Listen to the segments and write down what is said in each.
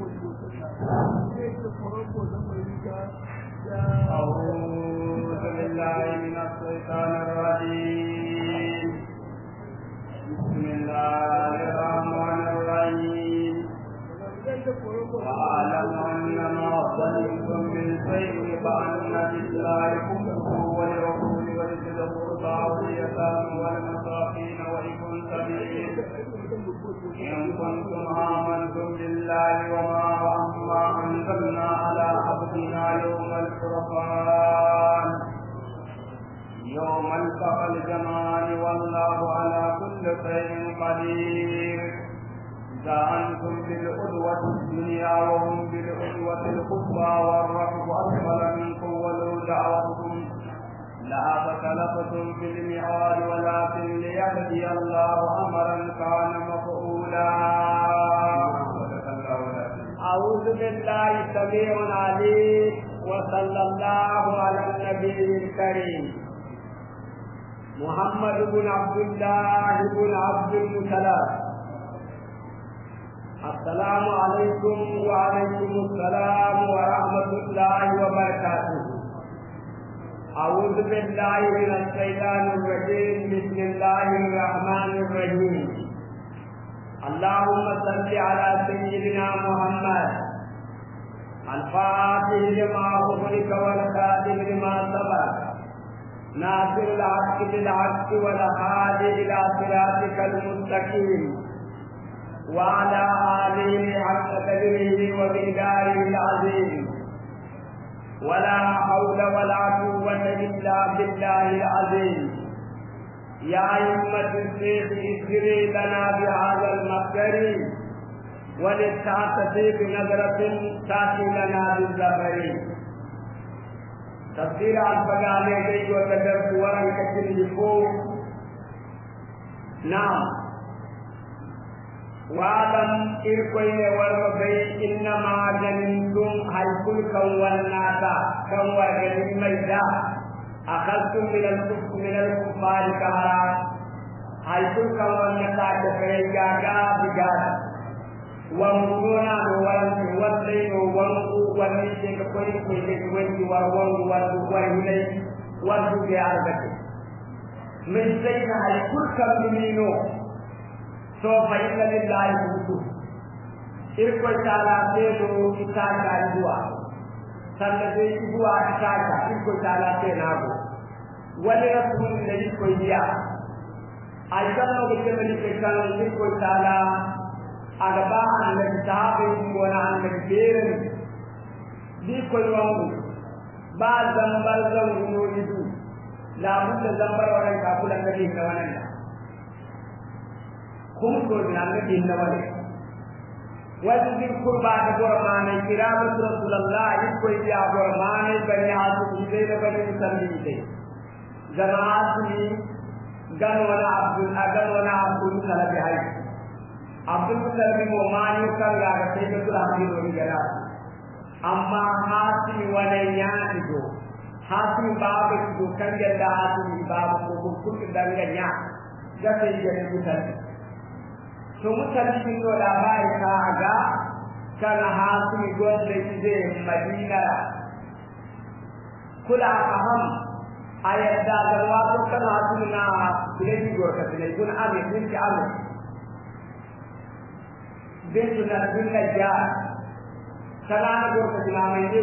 نئی رام بال متا من گند الله وما وأما أنزلنا على عبدنا يوم الفرقان يوم التقى الجمال والله على كل شيء قدير إذا أنتم بالعدوة الدنيا وهم بالعدوة القصوى والركب أسفل منكم ولو دعوتكم لا تكلفتم في المعاد ولكن ليهدي الله أمرا كان مفعولا أعوذ بالله السميع العليم وصلى الله على النبي الكريم محمد بن عبد الله بن عبد المسلم السلام عليكم وعليكم السلام ورحمة الله وبركاته أعوذ بالله من الشيطان الرجيم بسم الله الرحمن الرحيم اللهم صل على سيدنا محمد الفاتح لما أغلق والخاتم لما سبق ناصر العبد بالعبد والهادي إلى صراطك المستقيم وعلى آله حق تدريه وبداره العظيم ولا حول ولا قوة إلا بالله العظيم يا أئمة الشيخ اسري لنا بهذا المفكر وللتعتدي بنظرة تأتي لنا بالزفر تفسير الفجعلي كي وتدرك ورم كثير يقول نعم واعلم إركوين والربي إنما جننتم كل كون ناسا كون جنين ميدا أخذتم من الكفر من الكفار كهرا حيث كما نتاك فريقا بجانا ومدونا ولم يوضعين ونقو ونشيك كل كل جوين ورون ورهنين ورهن عربته من زين الكل كم منينو سوف إن لله الحدود إركو تعالى سيدو إتاكا إبوا sannan sai ibuwa ta taka iko ta lafiya na gobe walira kun da ni ko ya aikan no ke me ke kan ni ko tala aga ba an da tabe ko na an da beren ni ko wangu ba zambal zan no ni du la mun da bar wannan ka kula kake da wannan kun ko na ne da wannan وذكر قربا قرمان كرام رسول الله يكوي يا قرمان بني عاصم بن بني مسلم Zama asmi gan na abu a gan wani abu salabi hai abdul salabi mo mani kan ga ga da abdi wani gada amma hasmi wani ya digo hasmi babu digo kan yadda hasmi babu ko ko kun da ga ya da sai sun da labari ka ga kan hasmi gwanda zai madina kula aham ayat dagan wato kana aduna ilahi gorka tilai kun ami kun ki ami bintu na dunna ja sana gorka tilamai ne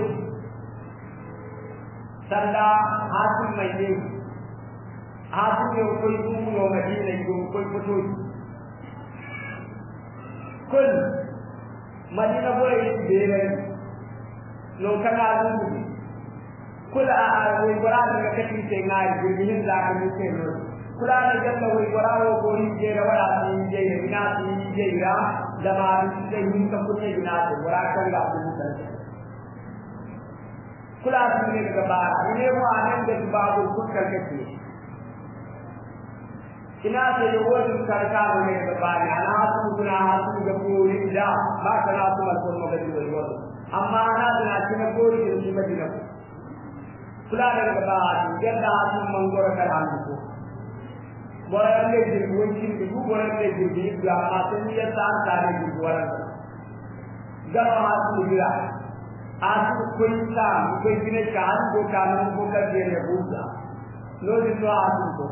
sanda hasu mai ne hasu ne koi dumu no madina ko koi fito kun madina boye bere no kana dumu kula woybora daga katinse ŋaari jirgihin zaakamiteno kulana jalla woybora wo gori jeyra wala tii jeyra mina tii jeyra lamaabisise hinka kunne minaate bora kanga kubutan kula tune daga baara mine mo anen gati baabo kukkal kati inaate yo wodum sarkaano ne daga baari ana hasuguna hasuga koori da ma kana sumal konno gadi woy wodo amma ana tana tina koori gadi madina ko fulanar ba yadda cikin mangoro kan hannu ko waran da jirgi wancin da duk waran da jirgi ya ma sun yi yadda an tare da waran gama masu lura a su kun sa gina ka an ko kamun ko ka je ne buga lodin to a su ko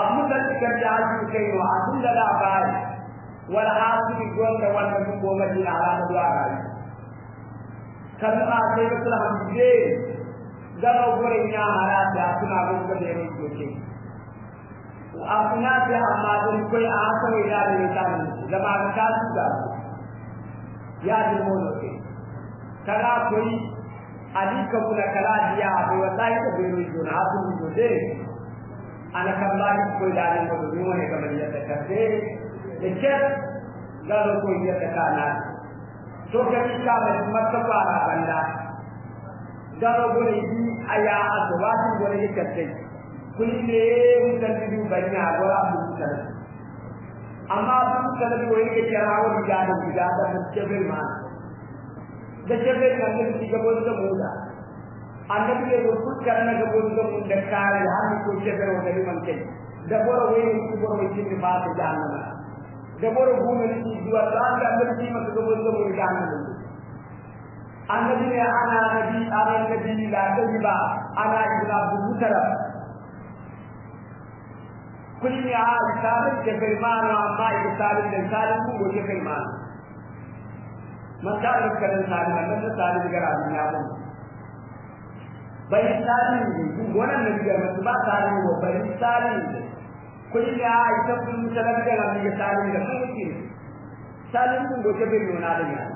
abu da cikin da hannun kai wa a cikin da labari wal hasil gwanda wanda mun kuma jina a ranar zuwa rayu kalma sai kula hamdai Zama gurin ya harata suna rinka da yawan doke a suna fi amma don kai a haka mai da ta tani zama ga kasu da ya ji mono ke kana kuri alika kula kala diya bai wallahi da bai rujo na hasu rujo de ana kan ba ni koi da ne mutum ne wani kamar yadda ka ce da ke gano koi yadda ka na to ka ci ka mai masu a banda garo gole yi aya aswati gole yi kace kulli mutaddu bayna gora mutar amma ban wani ke diga da diga da mutabir ma da jabbe kan da annabi ya rubu ga bon da da kare ko wani man kai da gora wani ku gora yi ba da da gora da annabi ma ga annabi ne ana nabi ana nabi ba sani ba ana ibra bu mutara kullum ya haɗu sabon ke firmanu amma da sabon da sabon kun goke firmanu masalin karin sabon da da sabon da gara duniya ba bai sabon da kun nabi da masu ba sabon da bai sabon da ya haɗu sabon da sabon da gara da kun na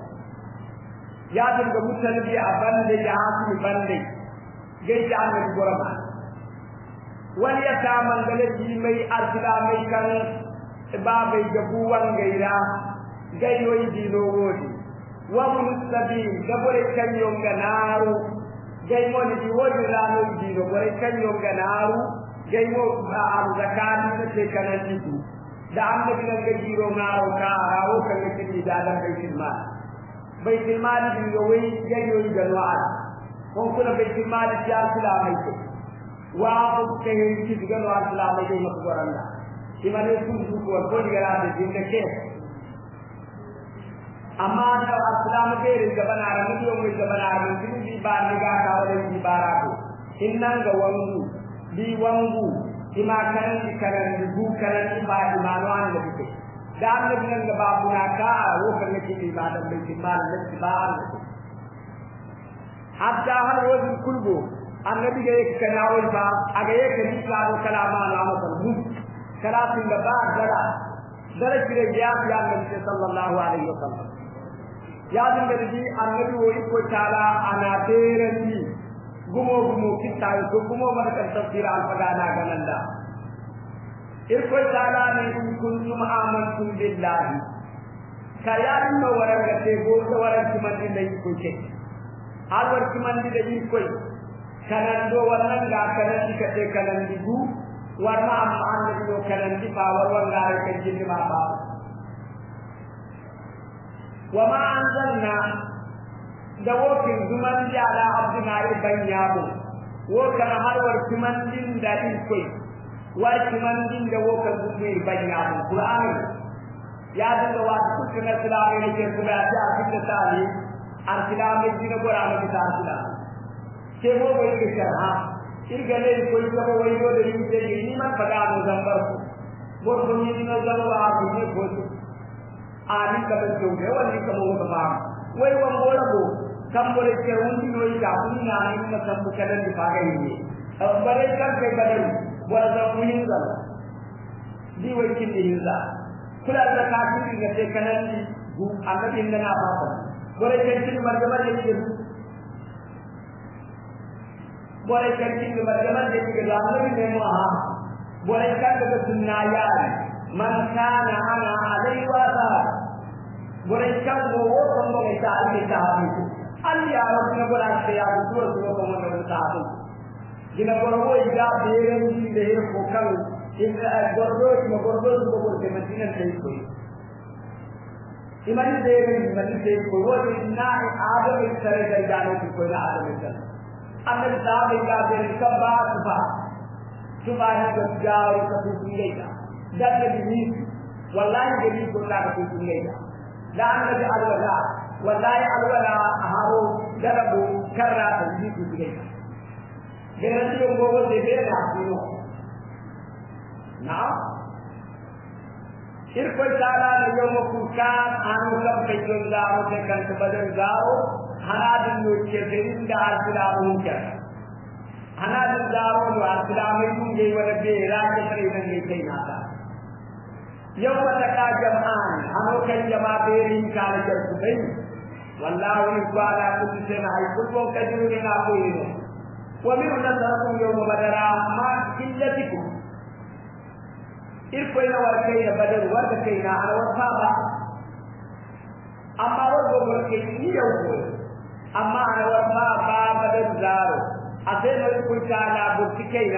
yaadin ga mutalbi a bande ya yaasumi bande geydi annabi gorama wal yatama mai jimay mai kan gaira e baabay jabuwan gayra gayroy diinowoodi wabnu sabil ga boray kañyo nga naaru gay moni ɗi wodiranoy diino boray kañyo nga naru gay mo ba aru zakatino te kanan ɗiɗu da annabi nan ga jiiro ngaaro ka kan arawo da tini dadan ma بيت المال باليوي يجوي جلوعا ممكن بيت المال جاء سلاميك وعقب كهين تجلوعا سلاميك مكبر الله كما نسوم سوكور كل جلال الدين كشيخ amma da aslamu ke rinka bana da mutum da bana da mutum bi ba ni ka wala bi bara ko in nan ga wangu bi wangu ima karan karan bu ba da kike da annabi nan da babu na ka a lokacin yake ibadan bai timal da tibar hatta har wajin kulbo annabi ga yake kana wai ba a ga yake ni ba do kalama na musulmi kalatin da ba dara dara kire ya ya annabi sallallahu alaihi wasallam ya din da ji annabi wo iko tala ana terani gumo gumo kitta ko gumo mar kan tafsir al fagana da. irkoy taala ni ɗum kuntum amantum billahi ka yaɗuma waranga te goto waran da yikkoy ke har war kimandinda yikkoy kanando warnanga kanandi kate kanandi gu warma amma annabino kanandi fa warwangare kan jillima baaba wama anzalna da wokin zumandi ala abdina e banyabo wo kana har war kimandinda ɗin koy warki man din da wokan gudun banya bu qur'ani ya dinga wa ku kana salama ne ke kuma ya ta fitta tani arsilame dina qur'ani ki ta sila ke mo bai ke sharha irgale ko ita ko wayo da yin ce ni ma fada mu zambar ku mo ko ni dina zalwa a ku ne ko su ani ka ta jo ne wani ka mo ka ba wai wan gora go kan bore ke wundi no ita kunna ni ka kan bukalan di bagai ni bare kan ke ni warzaquhinza liwa kindihinza kula da kafiri ga sai kanan gu annabi da na fata gore kankin marjamar da ke gore kankin marjamar da ke da annabi ne mu ha gore kanka da sunna ya man kana ana alai wa ta gore kan go wo kan go ta alai ta ha ya rabu na gura sai ya duwa duwa ta ದಿನಗೊಳಗೂ ಈಗ ಬೇರೆ ಮುಂದೆ ಹೋಗಲು ಗೊರಡೋಚ್ ಗೊರಡೋಚ್ ಹೋಗುತ್ತೆ ಮದ್ದಿನ ಸೇರಿಕೊಳ್ಳಿ ನಿಮ್ಮಲ್ಲಿ ಸೇವೆ ನಿಮ್ಮಲ್ಲಿ ಸೇರಿಕೊಳ್ಳುವ ನಾನು ಆಗಮಿಸ್ತಾರೆ ಕೈಗಾಣಿಸಿಕೊಳ್ಳ ಆಗಮಿಸ್ತಾರೆ ಅಂದ್ರೆ ತಾಬೇಕಾದರೆ ಕಬ್ಬಾ ಸುಬ ಸುಬಾಹಿ ಗಜ್ಜಾವು ಕಪಿಸಿಲ್ಲ ಗದ್ದೆಗೆ ನೀರು ವಲ್ಲಾಯಿಗೆ ನೀರು ಕೊಟ್ಟಾಗ ಕಪಿಸಿಲ್ಲ ದಾನದಲ್ಲಿ ಅಲ್ವಲ್ಲ ವಲ್ಲಾಯ ಅಲ್ವಲ ಆಹಾರೋ ಗರಬು ಕರ್ರ ಕಪಿಸಿಲ್ಲ garantiu um pouco de verdade. Now, shirku ta'ala da yau mafukan an tabbakin zaro da kanta bazan zaro hanadin yoke garin da asilamun ka hanadin zaro da asilamai kun gai wani bera da kare nan ne kai nata yau mata ka jama'an hanokan jama'a berin ka na jarkubai wallahi ba na kudu sai na haifun ko kajin ne na koyi ne ومن نصركم يوم بدر مع قلتكم إركوين وركينا بدر وركينا على وصابة أما ورد وركين يوم أما على وصابة بدر زارو أتينا لكم تعالى برتكين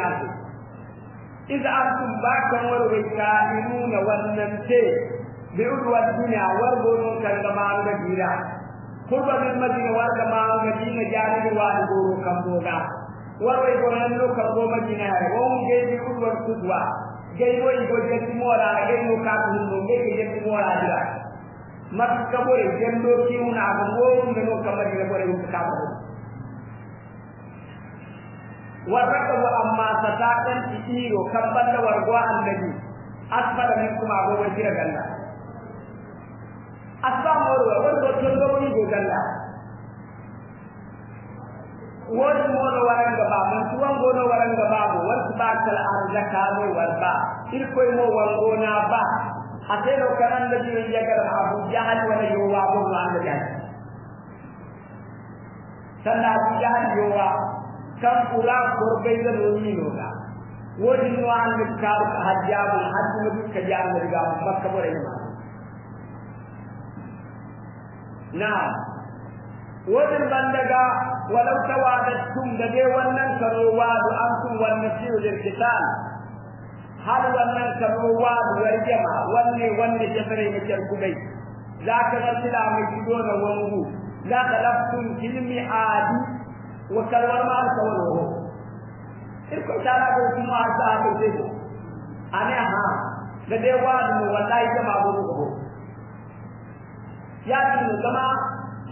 إذا أنتم باكم والركائنون والنمتين بأدوى الدنيا والغنون كالغمار مدينة قرب من مدينة والغمار مدينة جانب والغنون كالغمار warway lo ka goma dinare jinare won geydi uswan kudwa gey ko je ti mora ge no ka ko no ge ke ti mora dira mak ka boy jendo kiuna ko won ngeno kamari la boy ka ko wa warraka wa amma sa ta kan ti balla wargo annabi asbara min kuma go wajira galla asba morwa won do tondo go galla wal mono waran ga ba man tuwa mono waran ga ba bu wal tabakal arja ka mo wal ba il koy mo wal ona ba hate no kanan da jiri yagar abu jahal wa na yuwa bu man da jan sanda abu jahal yuwa kan ula korbei da rumi no ga wodi no an ga ka hajja bu hajji no ka jan da ga makka bore ma Now, wajen ban daga walau tawadattum da dai wannan karowa da an tun wannan shirin da kitan har wannan karowa da ma wanne wanne fara ne kyar kubai za ka ga sila mai kido na wangu za ka laftun ilmi adi wa kalwar ma alka walho irko ta na ko kuma ta zo a ne ha da dai wa da wallahi wani ko ya mu zama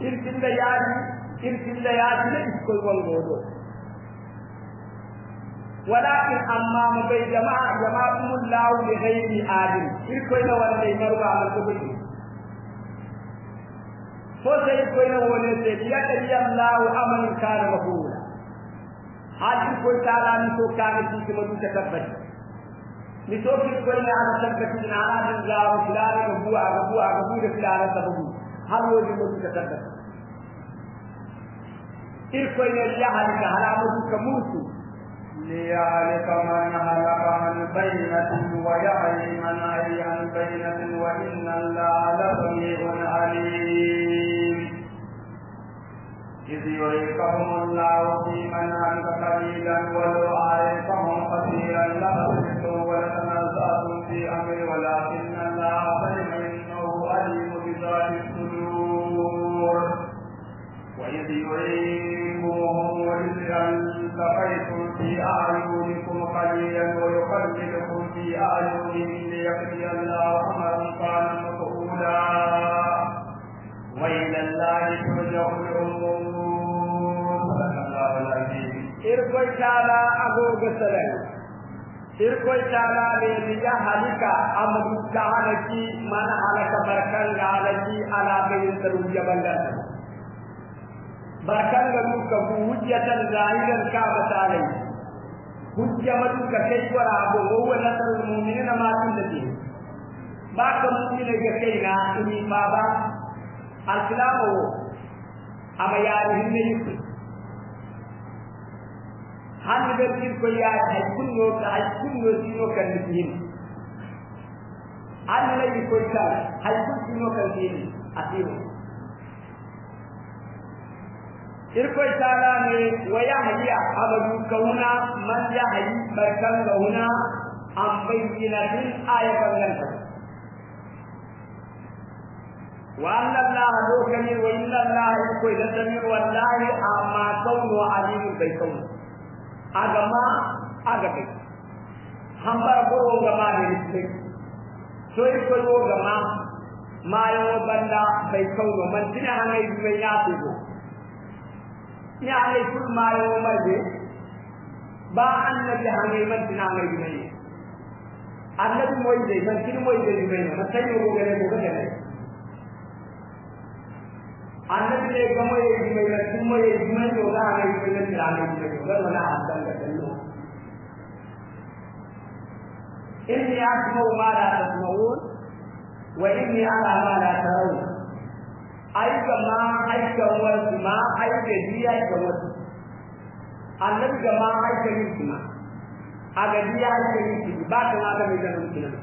kirkinde yani kirkinde yani iş kolmuyordu. Walakin amma mu bai jama'a jama'a mun lawu bi ghairi adil. Kirko ina wanda ya ruwa an kuma shi. So sai ko ina wani da biya lawu amalin kana mahula. Hadi ko ta lani ko ka ga shi kuma duka tabbata. Ni to kirko ina an tabbata ina an lawu filare har yau mu suka tabbata irko ne ya halaka ليعرف من هلك عن بينة ويعي من عي عن بينة وإن الله لسميع عليم إذ يريكهم الله في منامك قليلا ولو عرفهم كثيرا لخسرتم ولتنازعتم في أمر ولكن إذ يعينكم وإذ التقيتم في أعينكم قليلا ويقللكم في أعينهم ليقضي الله أمرا كان مفعولا وإلى الله ترجع الأمور صدق الله العظيم إرقوا تعالى أبو بسلام irkoi tala ne ya halika amru ta halaki mana halaka barkan ga halaki ala bayin saruya ballan Ba barkangaru ka ku hujjatan zahiran kaba ta alai hujja madu duka kai wara abu wa nasrul mu'minina ma tun da ke ba ka mu'mina ga kai na ini ba ba al-islamu ama ya hinne yi han da ki ko ya ai kunno ka ai kunno sino kan dikin an lai ko ka ai kunno kan dikin asiru irkoy tala ne wa yahya abadu kauna man yahyi barkan kauna am bayyinatin ayatan nan. wa anna allaha lokani wa inna allaha irkoy da sami wallahi amma kaunu alimu bai kaunu agama aga kai hambara boro gama da rikai so irkoy wo gama ma yawo banda bai kaunu man tina hanai bai ya tugo ñaanay fulmaare wo malde ba annabi hangay mantinangay ɗumayne annabi moyde mantini moyde ɗumayno no tañogogene gogogene annabi ne gamoye ɗumay mantinmoye ɗumayno ga hangay ɗumay mantinangay ɗumayno ganona abdanga tanno inni asmau ma la tasmaun wa inni ara ma la tarawun aika ma aika wasu ma aika ji aikan wasu annabi ga ma aika yin su ma a ga ji aika yin su ba ta ma ga mai ganin su nan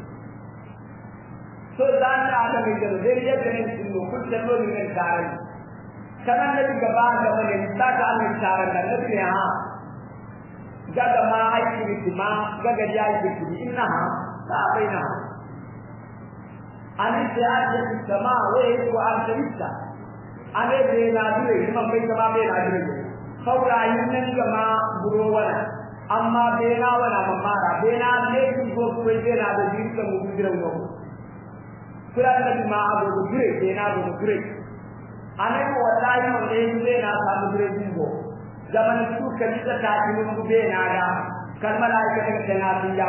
so za ta ga mai ganin zai yi ganin su ne kullum lori ne tare sanan nabi ba ga ne ta ga mai tare da nabi ha ga ga ma aikin su ma ga ga ji aikan su inna ha ta na ha අනිත්‍ය ආශ්‍රිත සමා වේක ආශ්‍රිත අනේ මේ නාදුවේ මම මේ සමා මේ නාදුවේ saura ma amma bena wala ma mara bena ne ki go ko bena da yin ka mu bidira mu kula da bi ma abu go dire bena ko ta mun da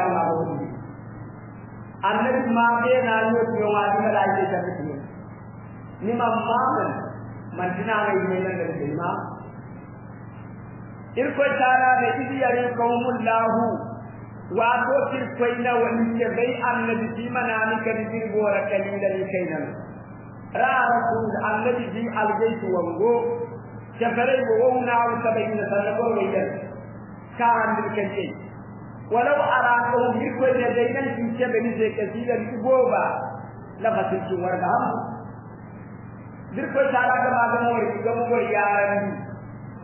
annabi ma be na yo yo ma ni da ake ta kike ni ma ma man man dina ne nan da kai ma irko tara ne idi yare qaumullahu wa to tirkoi na wani ke bai annabi ji mana ni kan ji gora kalilan kai nan ra rasul annabi ji algaitu wango ke bare wo na wa sabai na sanako wai kan kan kan ولو araqahu yiko ne dai nan زي ce bani zai kasira ki goba ga magan wari ga mu gori yaran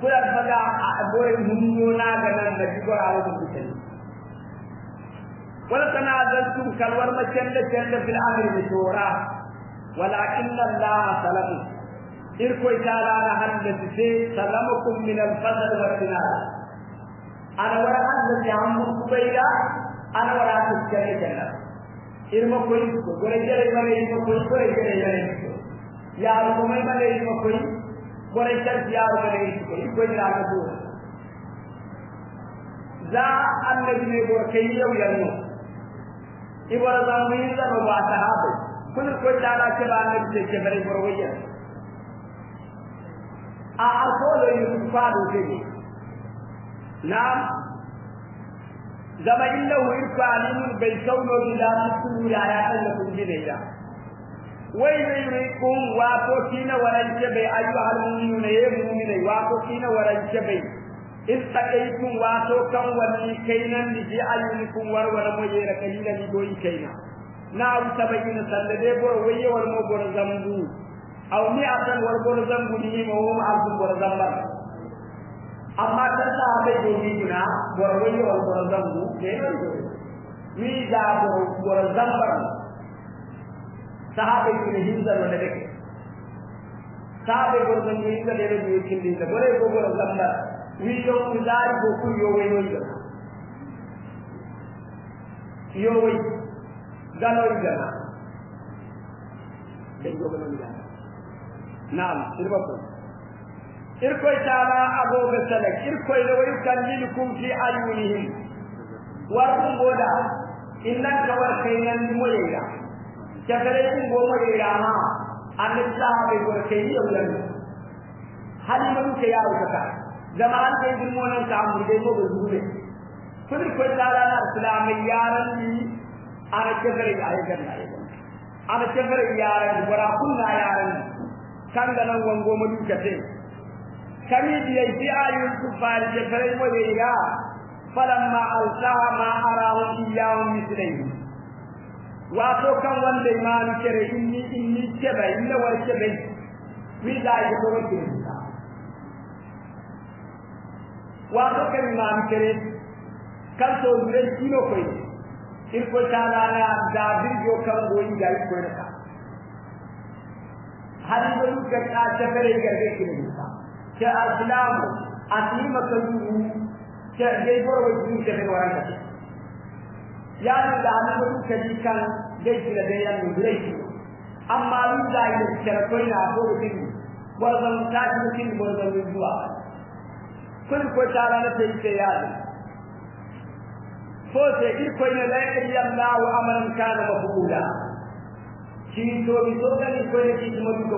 kula faga a gore munno na ga nan da ki gora wa ku ce wala tanazaltu kalwar da canda canda fil Allah salamu na hadda sai kun minan අනවර අල්ලේ අම්මුකේලා අනවර කුච්චේ දෙන්න ඉර්ම කොයි annabi ne yau yanzu ibara zamu yi zama ba ce a yi نعم زما إنه إرفع من بيسون إلى مسؤول على أنكم جنيدا ويريكم واتوكين ورنشبي أيها المؤمنون يا مؤمنين واتوكين ورنشبي إذ تقيتم واتوكم ونيكينا لجي أيونكم وروا مجير كليلا لدوي كينا نعم سبعين سلدي بروي ورمو برزمبو أو مئة وربر زمبو نيمهم عبد برزمبو amma tanta be jogi juna gorwani wal gorzambu de ni da gorzambar sahabe ni hinda no de sahabe gorzan ni hinda de ni kindi da gore go gorzambar ni yo kuzari go ku yo we no yo yo we gano igana de go no igana na sirba ko Irkoi ta ma irkoy tama agoga salak irkoy law yukallilukum fi ayunihim warkum boda inna kawar kainan moyega chakare kun go moyega ha anilla be go ya ulan hali mun ke yawo kaka jama'an kai gulmonan ka mu dai go zuwe kun irkoy tala na islamiyaran ni ara chakare ayi ganna ayi ara chakare yaran gora kunna yaran kan nan wango mu duka sai كميد يبيع يوسف فارج فريم وليا فلما ألقى ما أراه إياه مثليه واتو كان وندي ما نكره إني إني كبا إني وكبا وإذا يدور كبا واتو كان ما نكره كان تولد كيلو كوي إلكو تعالى دابير جو كان بوين جاي كوينكا هذه بلوك كتا شفره يكرده كيلو da aslamu a kalluhu da dai borwa jini da bai waran kace ya ni da an da kuka kan dai da dai ya ni amma mun da yi sharafai na ko din warzan ta ji kin warzan zuwa kun ko ta rana sai ke ya ni ko sai iko ne la yallahu amran kana mafula shi to bi so kan iko ne ki mu ko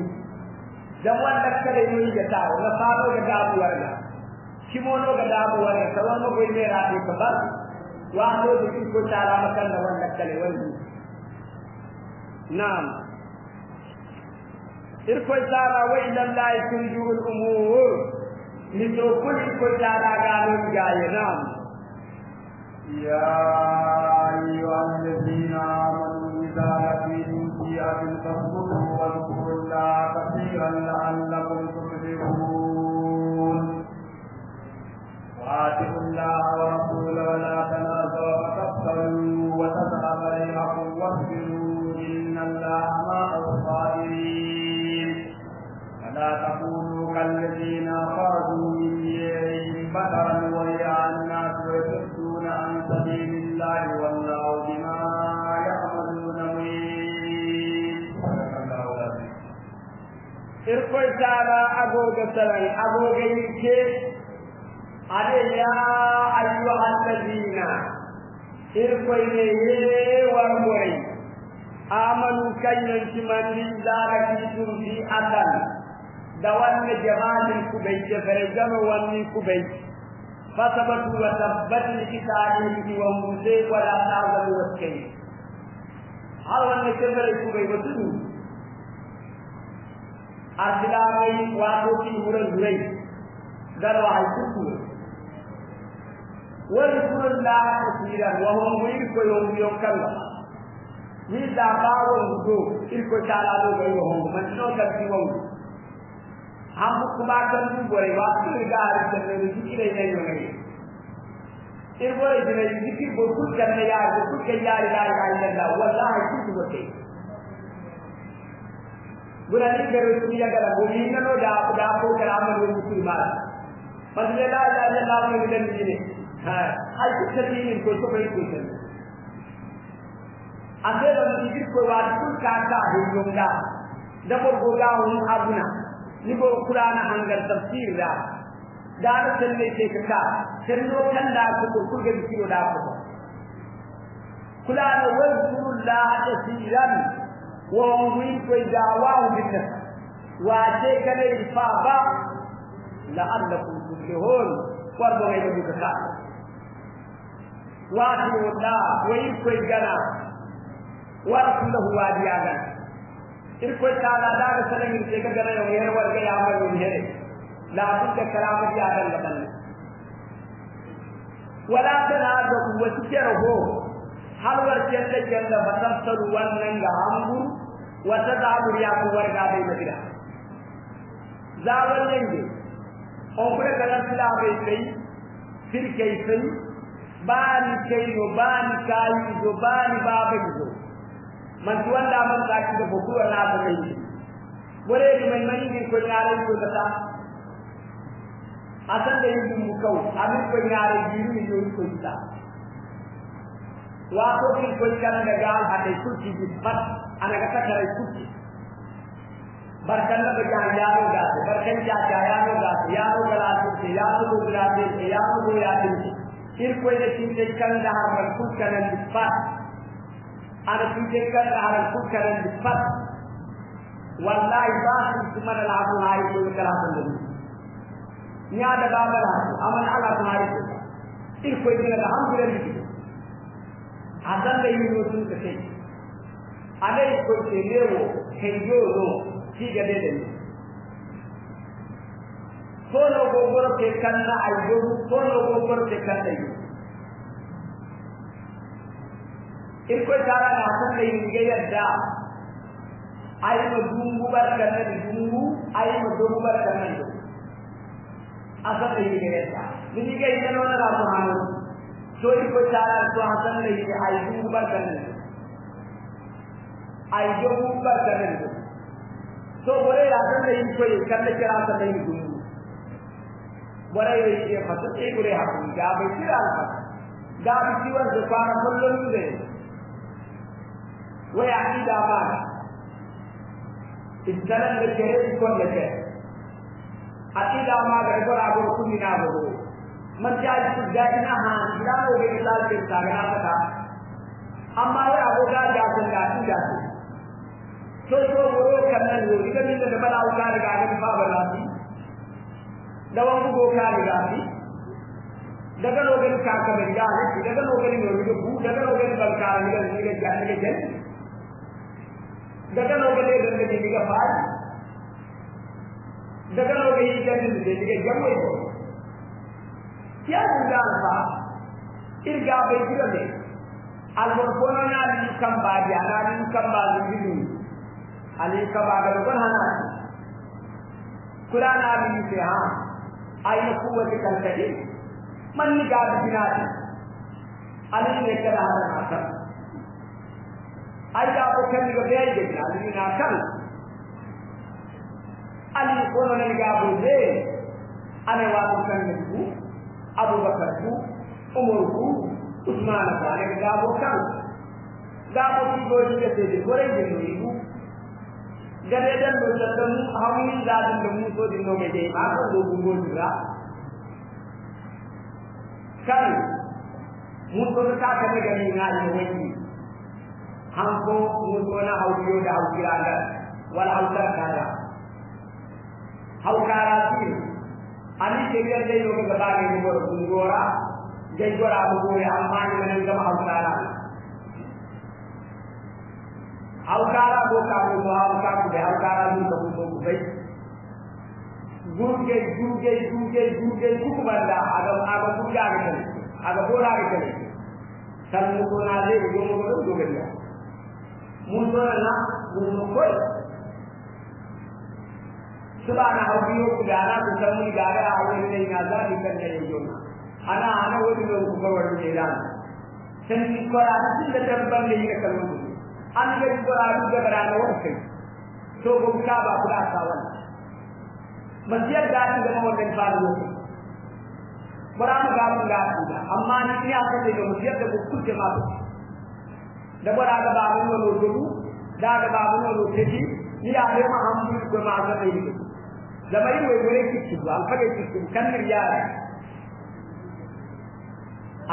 jamuwan dakkare yi ga tawo na fado ga dabuwar na kimono ga dabuwar na tawan ma koy ne rafi ka ba wa do da ko tara makan da wannan kale wani na'am irko tara wa ila allahi turjul umur ni to kulli ko tara ga no ga ya na'am يا أيها الذين آمنوا إذا لقيتم فئة فاصبروا واذكروا الله لعلكم تفلحون وآتوا الله ورسوله ولا تنازعوا فتفتروا وتذهب ريحكم واصبروا إن الله مع الصابرين فلا تكونوا كالذين abokan yake ade ya ayyuha alladina in koy ne ye war moy amanu kanyen ci mandi dara ci tur fi adal dawal ne ku bay jefere jamo wani ku bai? fatabatu wa tabat li kitabi bi wa muse wa la ta'lamu wa kay halan ku bai wa tudu arsilaamay waaqotiin huran duray gara waxay ولكل الله كثيرا وهم ويلكو يوم يوم كلا من دابا وندو إلكو تعالى لو غيرهم من شو تبتيهم هم كما كنتم بوري واسي رجال كنتم ذكر إليه يومي إلبوري جنة ذكر بوكو كنتم يار بوكو كنتم يار يار يار يار والله كنتم بوكي ಗುರನಿ ಗರುತಿಯಗಲ ಭೂಮಿನೋ ಡಾಪ್ ಡಾಪ್ ಕರಾಮರು ಮುಸಲ್ಮಾನ ಬದಲೆಲ್ಲ ಅದೆಲ್ಲ ಇದನ್ನಿದೆ ಹಾ ಅದು ಸರಿ ನೀವು ಕೊಟ್ಟು ಬರೀತೀರಿ ko ಒಂದು ಇದಕ್ಕೆ ವಾಸ್ತು ಕಾಟ ಹಿಂಗೊಂಡ dabor goga wani abuna ni bo na hangar tafsir da da da sanne ke kaka sanno kan da ko da kuma. kula da وأمين فيدعواه بالنفس وأتيك للإصابة لعلكم تفلحون فرض غير مكتاب وأطيعوا الله وإن كويجنا ورسوله وأديانا إن كويت على دار سلم إن كيك جنا يومين ورجع يعمل وجهه لا بد كلام ديانا لبني ولا تنازعوا وتجرهوا هل ورجعت جنة فتنصروا ونن يعمروا wa tadhabu riyaku warga bai madina za wannan ne on kula kala sila bai kai sirkai sun bani kai no ni kai ni ba baba go man tuwanda man ka ki da buku na ba kai wore ni mai mani ne ko nyare ko ta asan da yi mu kau amin ko yi giru yi ko ta wa ko ki ko kana da ga hadai ku ki ana ga takarai kuti barkan da bakin yaro ga su barkan ya ta yaro ga su yaro ga su ce yaro ga su ce yaro ga ya ce ir da shi kan da har man kun kan da fa kan da har kun kan da wallahi ba su kuma da labu hayi ko kala kun da ni da baba da aman ala ta hari ko ir da han kun da shi hadan yi ne sun anayekoselewa henjono higadedeni kono gogorote kanna ayyogu kono gogorote kanna yo irkoy tarana kunna yingeyadda ayma dumbubar kannani dumbu ayma dogubar kannan yo asata yingeyadda minigay nanonara suhanu so irkoy taran so hasanna yige ay dumbubar kannan yo ayyahu barkanan so bore ya san da yin koyi kan da kira san da yin gungu ya ce fasu ce bore ha kun ga bai kira alfa ga bi ciwon da fara kullun ne waya ida ba idan da kire kon da ke aqida ma ga gora gor ni na go man ja ji ga ina ha ila go be ila ta ga ta amma ya go ga ga ga ga Joshua wuro kannan yo idan min da bala uka daga ga fa ba lafi da wani go ka ni lafi daga logan ka ka da ya ne daga logan yo ni bu daga logan bal ka ni da ni da jan ni jan daga logan ne da ni ga fa daga logan yi da ni da ni ga mai ko ya da fa irga bai gida ne alwar kona na ni kan ba ya na ni kan ba ni علی ہاں، کب آگے بڑھانا ہے ہاں، قرآن آدمی سے ہاں آئی قوت کر کے من نکال بنا دی علی لے ہاں، کر آنا سب آئی آپ کو کھیل آئی دیکھنا علی نا کل علی انہوں نے نکاح بول دے آنے والوں کرنے کو ابو بکر کو عمر کو عثمان کا نکاح وہ کل گا وہ کی گوشت سے بھی بولیں گے میری کو ಗದೆದನ್ ಬರ್ತದನು ko ಮೂಸೋದಿನೋ ಮೇಲೆ ಮಾತ್ರ ಹೋಗುವುದಿಲ್ಲ kan mutum ta kama gani na alwaki an ko mutum na haukiyo da haukira da wal haukar kaza haukara su ne an yi shirya da yi gaba ne gora gora da gora ko gore amma ni manin gama haukara haukawa ko kafin ko hauka ku da haukawa mun ka kuma ku bai gurge gurge gurge gurge kuku banda aga aga gurge aga kare aga bora aga kare san mu ko na zai go mu ko go gariya mun so na mun so ko subhana rabbiyo ku gara ku san mu gara a wani ne na za ni kan ne yo ana ana wani ne ku ko wani ne da san ko ana tin da tabban ne ka kalmu an gurare gabara na wani kai to gumka ba kuda ta wannan ban ji yadda an gama wannan ba da wani bara mu ga mun ga da amma ni ina so ne ga mutiyar da ku jama'a da bara da ba mun wani dubu da da ba mun wani teji ni ya da ma hamdu ko ma ga dai ne zamai wai gore ki ci ba alfa ki ci kan riya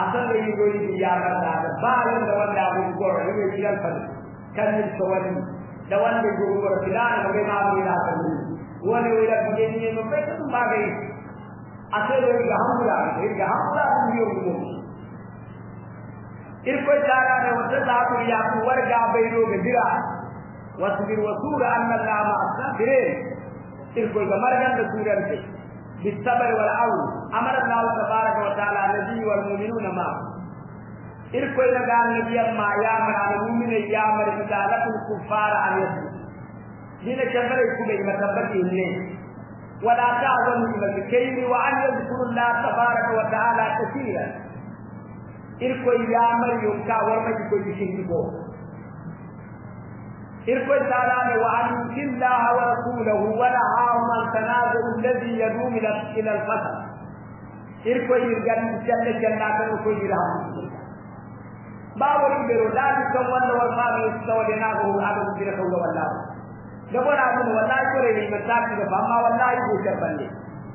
asan da yi gori ya ga da ba da wanda abu gore ne ki alfa كذب سواني لو أن الجمهور فلان وبما بلا إيه تقول وأنا ولا بديني مفتوح ما جاي أصل الجهام لا الجهام لا يوم إلقوا جارا من وجدها يا كوار جاب بيرو جدرا واصبر وسور أن الله ما أصبر إلقوا إيه جمرجان بسورة بالصبر والعون أمر الله تبارك وتعالى النبي والمؤمنون معه إركوا لغاني بيام ما يامر على مين يامر إذا لك الكفار أن يسلم لذا كبر يكون أن تبكي إليه ولا تعظم إما بكيم وأن يذكر الله تبارك وتعالى كثيرا إركوا يامر يبكى ورمى يكون يشيك بو إركوا يتعلم وأن يمكن الله ورسوله ولا عام التنازل الذي يدوم إلى الفتح إركوا يرجع من جنة جنة وكل رحمة الله babu ribero da dukkan wannan wata mabi su suna wajen na gobe a gaba jira kawo wanda ba da bana mun wanda ya kore ne da tafi da ba ma wanda ya yi balle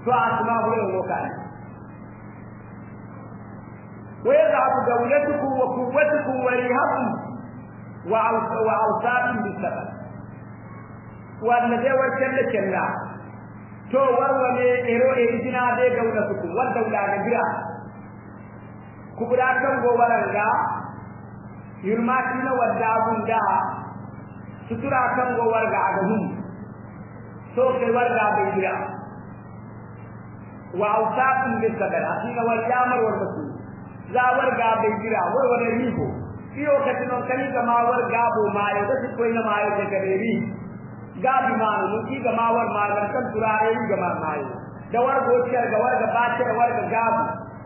to a suna wurin roka ne. wai ya zaɓu ga wuyatu ku wa kuwatu ku wa rihabu wa autaɗin bisara wanda zai warkar da kyanda to warwa ero a rijina zai gauna su ku wanda wuda na gira ku gudanar gobarar ga yulmatina wadda abunda sutura kan go warga agahum so kai warga bai jira wa awsaqum bil shi asina wal yamar wal masul za warga bai jira war wala riko iyo katino kali kama warga bo mayo da su koi na mayo da kaderi ga bi manu mu ki kama war magar kan turare yi kama mayo da war gociyar ga warga baciyar warga gabu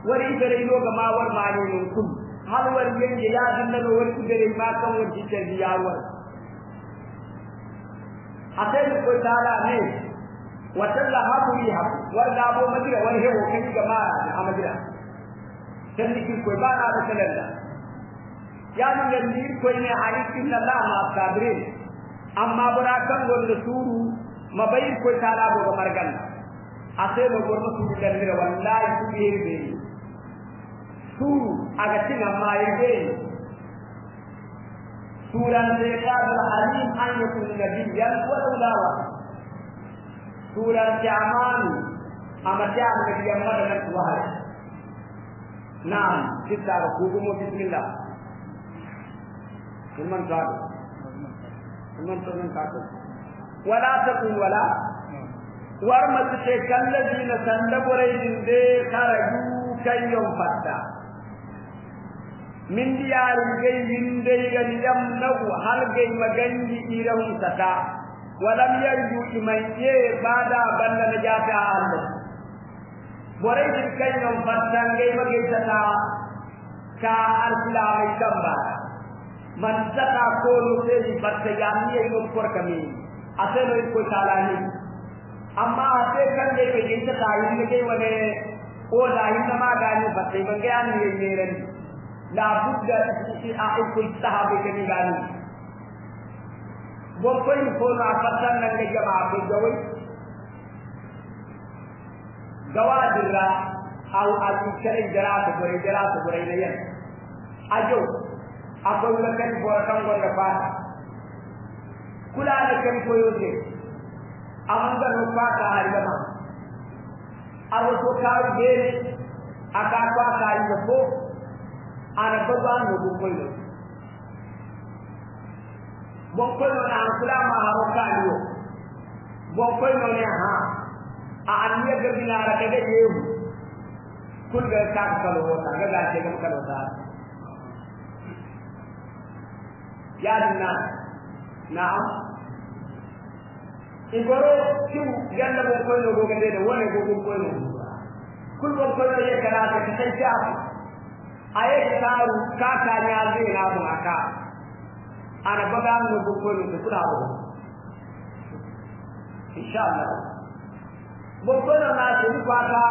wari gare yo kama war ne mun kun halwar war ya fi nan war ku gele ma kan war ji ta biya war akai ko tala ne watalla ha ku yi ha war da bo madira war he ko gama a madira can ni ko ba na da kalalla ya ni ga ne a ne alikin Allah ma sabrin amma kan wanda suru mabai ko tala bo margan akai bo gorma su wani wallahi ku yi suru a ga aga tinga maige suran de qadra alim an yakun nabiyyan wa lawla suran da amatian nabiyyan madan wahai Naam, kita hukumu bismillah. Ilman tahu. Ilman tahu ilman tahu. Wala takun wala. war Warmat ce kallazi na sanda din dai karaju kan yon fatta. min diyarin gai min dai gan yamnahu har gai maganji irahun sata walam yarju iman ye bada banda na jata Allah borai din kai non fatan ma magai sata ka arsila ay kamba man sata ko no sai batta yani ay no kor kami ase no ko talani amma ase kan dai gai sata yin gai wane o da hin ma da ni batta ban ga ni ye la budda ci ci a ay ko sahabe ke ni gani bo ko na fatan na ne jama ko jowi gawadira aw a ci cere jara ko bore jara ko bore ne yan a ko la ken bo na fata kula na ken ko yote am nga no fata ha ri ma aw ko ka ge ni aka ko ka ko anababa na bonkolo bonkolo na hankula ma haro kaliyo bonkolo ne ha a aniya gabi na raka da yehu kun ga ta kalo wata ga da ce ga kalo ta ya dinna na'am igoro kiw yanda bonkolo go ga da wani go bonkolo kul bonkolo ya karata ka sai ta a ye taaru k'a na ñaalu ye ŋaa muŋa kaa ana bagaa mine bo koy nuŋ tukula bo inchallah na kono naa seni ko a ka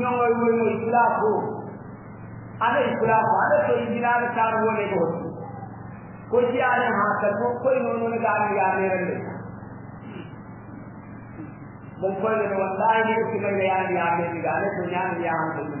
ñoŋoy woymo ko ana ko ana to ne ko ko si ane haa ya ne bo wallahi ko ya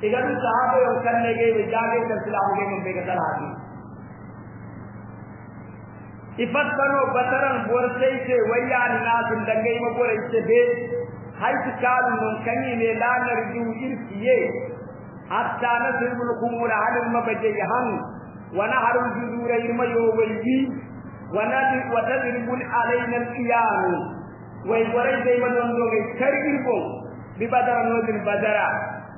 ಸಿಗದು ಸಾಕು ಕನ್ನೆಗೆ ಜಾಗೆ ಕಲಿಸಲಾಗಿದೆ ಮುಂಬೆಗೆ ತಲಾಗಿ ಇಪ್ಪತ್ತನು ಬಸರನ್ ಬೋರ್ಸೈಸೆ ವಯ್ಯ ನಿನಾಸಿನ್ ದಂಗೈ ಮಗೋರೈಸೆ ಬೇ ಹೈತ್ ಕಾಲು ನಮ್ ಕಣ್ಣಿ ಮೇಲಾನರಿದು ಇರ್ತಿಯೇ ಅತ್ತಾನ ಸಿರುಮುಳು ಕುಮೂರ ಆಡಿನ ಬಗೆಯ ಹನ್ ವನ ಹರುದು ದೂರ ಇರ್ಮಯೋ ವೈಗಿ ونادي وتذرب علينا القيام ويوري دايما ونزوغي كرقربو ببدر نوزن بدرا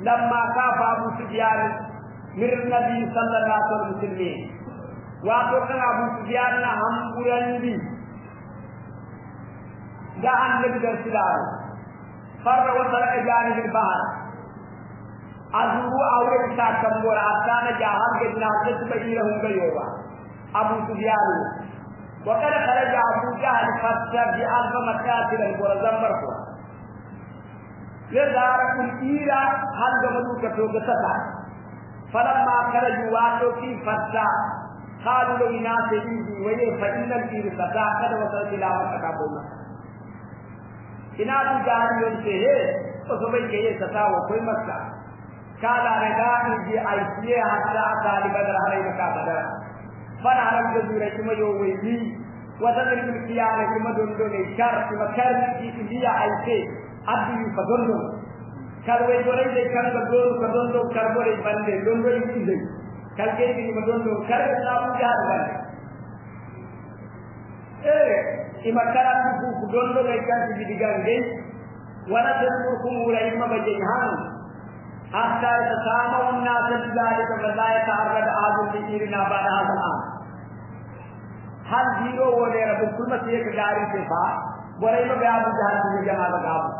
لما كافى ابو سفيان من النبي صلى الله عليه وسلم واتركنا ابو سفيان نعم بلندي دعا النبي صلى الله عليه وسلم فر وصل الى البحر ازرو اور ایک ساتھ کمبور آتا نا جہاں کے جنازے سے بہی رہوں گئی ہوگا ابو سفیان وقت خرج ابو جہل خط کر دی عظم مکہ سے رنگور زمبر کو ya zara kun ira har ga maduka to ga sata falan ma kala juwa to fi fatta halu da ina ta yi wa yi fa'inan iri sata kada wa sarki lamar kata gona ina su jari yon ce he ko su bai kai sata wa kai masa kala da gani ji a fiye hatta a talibar da harai da kata da fara nan da zura shi mai yawai bi wata zirgin kiyaye kuma dondo ne shar kuma karfi ki biya aike addu ka dondo kalwe gore de ka goru ka dondo karbore bande dondo inde kalge ni ma dondo karga na mu jahar bande ere ima kala ku ku dondo de kan ti digange wala tanur kum ura imma bajin han hatta tasamau nas dalika wallahi ta'arrad azul bi irina ba'da hadal am hal zero wo ne rabbul kulmati ek dari se ba gore ma babu jahar ni jama lagabu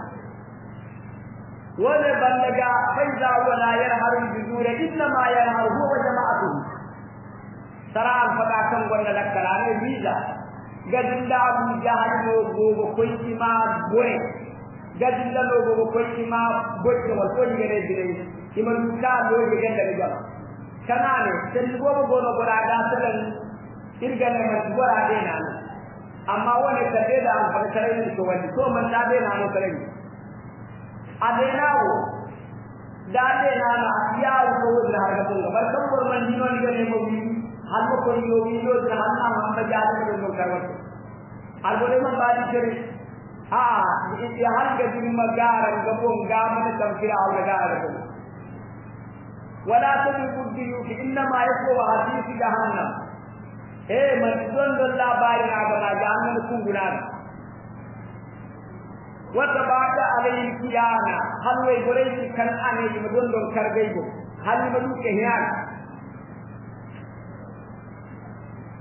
ولا بلغا فإذا ولا يرهر إلا ما يرهر هو وجماعته ترى الفقا كم قلنا لك كلامي ميزا قدن دا أبو جهل نوبو ما بوي قدن دا نوبو بكل ما بوي والكل يريد إليه إما نوكا نوي بجنة بجنة كناني سنبو بغونو بلا داسلن إرغن من بلا دينا أما وانا تبدا عن فرسلين سوالي سوما تابين عن فرسلين ادینا وہ ڈاٹے نانا یا برسمپور منڈیوں لینے کو بھی ہر کو کوئی ہوگی جو جہاں ہم نے یاد کر لوگ کر سکتے ہر بولے من بازی کے ہاں اتحاد کے دن میں گا رہا ہوں گا میں سب گرا ہوں گا رہا ہوں ولا تو بھی کچھ یوں کہ ان مائک کو حدیث جہاں نہ اے من سن اللہ بائی نہ بنا جان میں تم گناہ وتباكى عليهم كيانا هل ويقولي كان عني يمدون دون كربيبو هل يمدون كهيانا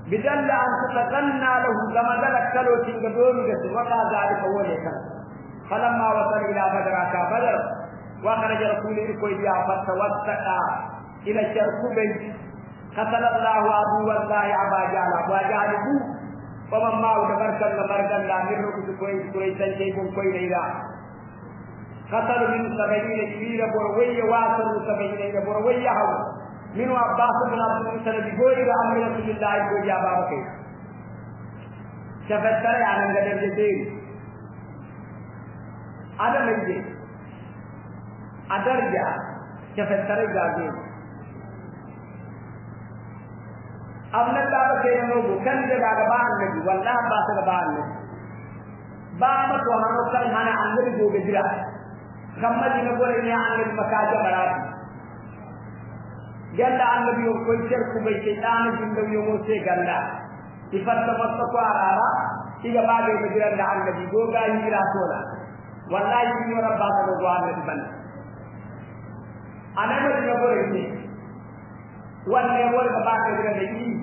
بدل أن تتقنى له لما ذلك كلو تنقدون جس وقع ذلك هو يسر فلما وصل إلى بدر أتى بدر وخرج رسول إلكوي بها فتوسع إلى بيت قتل الله أبو والله أبا جعل أبو جعل أبو ومن ما وتبركن مرجن لا مرك تكوي تكوي تنجي كون كوي ليلا خطر من سبعين كبيرة بروية واصل من سبعين بروية هو من عباس بن عبد المطلب بوي بأمر رسول الله بوي يا بابا كيف شفتر يعني قدر جديد أنا من جديد أدرجة شفتر جاهزين annalla ba ke no bu kan da daga ba annabi wallahi ba ta ba annabi ba ma to hanu kan hana annabi go gidira kamma ji na gore ne ma ka ja barati ganda annabi yo ko cer ku be ke dan jin ndo yo mo se ganda ma ta ko ti ga ba be dira da annabi go ga la tola wallahi ni rabba ta go annabi ban annabi na gore ne wanne gore ba ka gidira da yi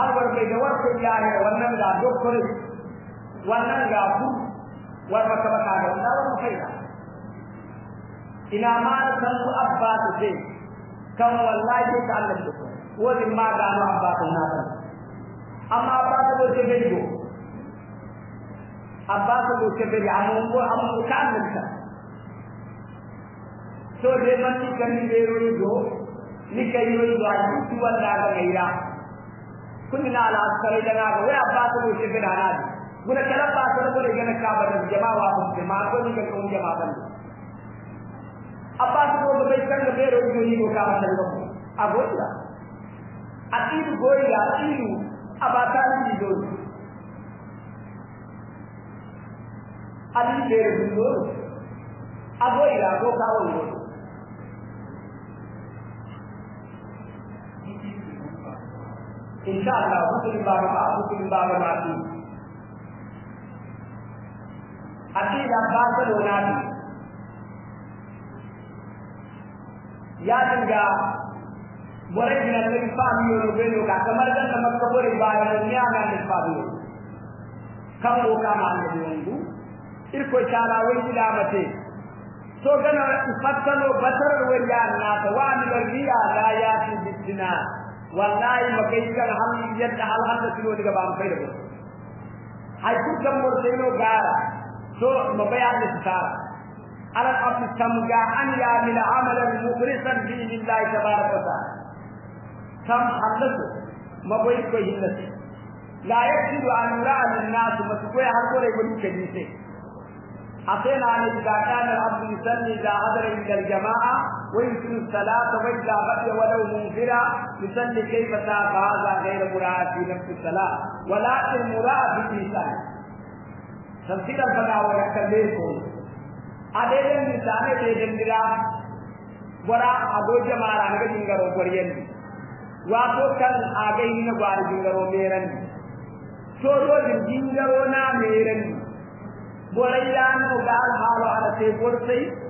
halwarkai da wasu yare wannan ga doktorin wannan ga ku ba ka baka da wannan warma kai da ina ma da san su abba su ce kan wallahi ta Allah shi ko wani ma ga ma abba ta na san amma abba ta ko ce gido abba ta ko ce gari amma ko amma ta Allah ta so dai man ki kan ni ro ni do ni kai ro do ku, tu wallahi ga ira kunna ala askari dana ga wai abbasu ne shi gida na ji guna kalan ba su gure gana ka ba da jama'a wa ku jama'a ko ni ga kun jama'a ban abbasu ko ba bai san da bai roƙi ni ko ka ba san ba a goya a tilu goya a tilu abata ni do ali bere do a goya ko ka wa ኢንሻአላህ ሙስሊም ባረፋ ሙስሊም ባረፋቲ አቂዳ ባርሰሎናቲ yaadinga warajina tin famiyo no beno ka kamar da na makka bore bayan ni aga ni famiyo kan ko kama an da yanzu irko tara wai kilamate to gana fattano batar wariya na ta wani barbiya da ya fi bitina wallahi makai kan ham yadda hal hal da tuno daga ba mu kai da ku hay ku kan mur sai no gara so mabaya da tsara ala afi samga an ya min amalan mukhrisan bi lillahi tabaraka wa ta'ala kam halatu mabai ko hinnati la yajidu an ra min nas masqoya har ko rai gudu kaji sai atena ne da kana abdu sanni da hadara ila jama'a ويمكن الصلاة وإذا بقي ولو منكرا يصلي كيف شاء هذا غير مراعاة في نفس الصلاة ولكن مراعاة في اللسان تفسير البلاء ويكلمكم أدلم لسانه تجمدرا ورا أبو جمال أنك جنگرو بريان واتو كان آگئی نگوار جنگرو میرن سوزو جنگرو نا میرن بوليان وقال حالو على سيبور سيب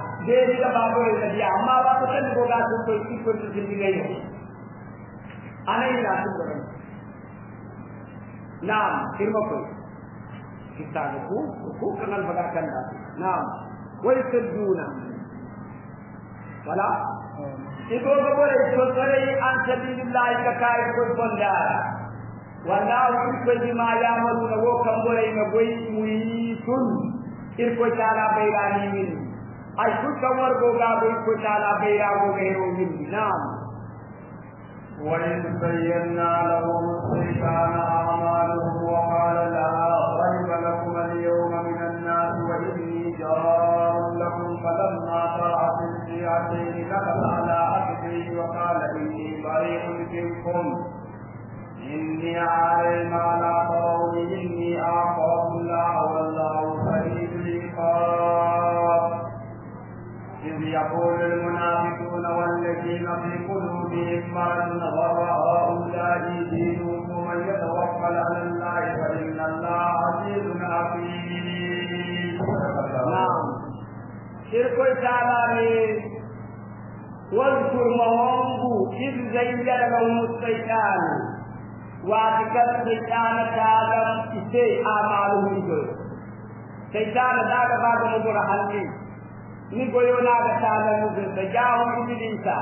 देश का बाबू ने दिया अम्मा बात तो चंद होगा तो कोई की कोई जिंदगी नहीं होगी आने ही राशि करें नाम तिरमको किता को को कनल बगा करना नाम कोई सज्जू नाम वाला इको को बोले तो करे आन सबिलिल्लाह का काय कोई बंदा wallahu yusalli ma ya'maluna wa kam boray ma goyi muyi sun irko tala bayrani min الكفر بوغابي كتالا بياغو غيرو من نعم وإن بينا لهم الشيطان أعمالهم وقال لا ريب لكم اليوم من الناس وإني جار لكم فلما ترى في الشيعتين نبذ على عقبه وقال إني بريء منكم إني أعلم ما لا ترون إني أخاف الله والله شديد العقاب إذ يقول المنافقون والذين في قلوبهم مرض غر هؤلاء دينهم ومن يتوكل على الله فإن الله عزيز حكيم. نعم. شرك تعالى واذكر مهمه إذ زين لهم الشيطان وأعتقد الشيطان تعالى إسيء أعماله الجر. شيطان ذاك بعد مجرى حلقي nigoyona ɓe taalanuɓe ɓe jahum ibilisa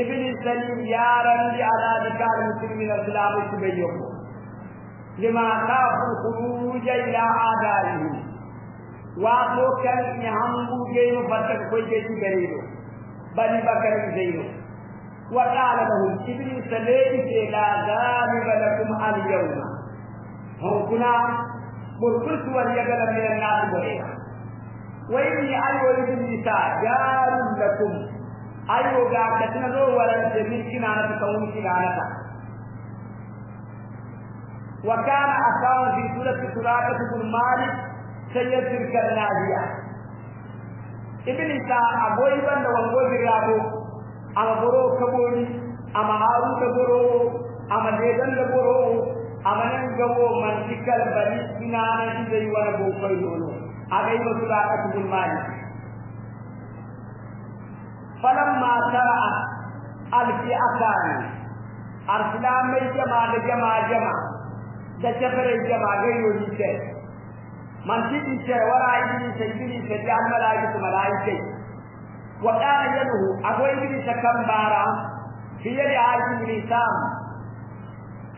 ibilisa ni yarandi alaadi kal muslimina islamu kuɓe yokko lima kafu huruja ila adaihi waato kan ñi hambugeyno battaka koye jeji gariɗo bani bakari zeyno wa qala lahum iblisa leeɗite la galiba lakum alyawma honkuna ɓor furtuwal yagala mbe naatugoɗeya وإني أيوة بالنساء جار لكم أيوة قاعدة نزور ولا جميل كنانة كون كنانة وكان أثار في سورة سراقة بن مالك سيد تلك الناجية ابن إساء أبوي بند وانغوز رابو أما برو كبوني أما هارو تبرو أما ليدن تبرو أما ننجو من تلك البني كنانة إذا يوانا بوكي دولو aka yi masu da aka tukul mali falamma tara alfi akani arsila mai jama da jama jama da jafarin jama gaiyoyi sai man titi sai wara ibni sai ibni sai da malaikatu malaikai wa qala yanahu akwai ibni sakan bara fiye da ibni sam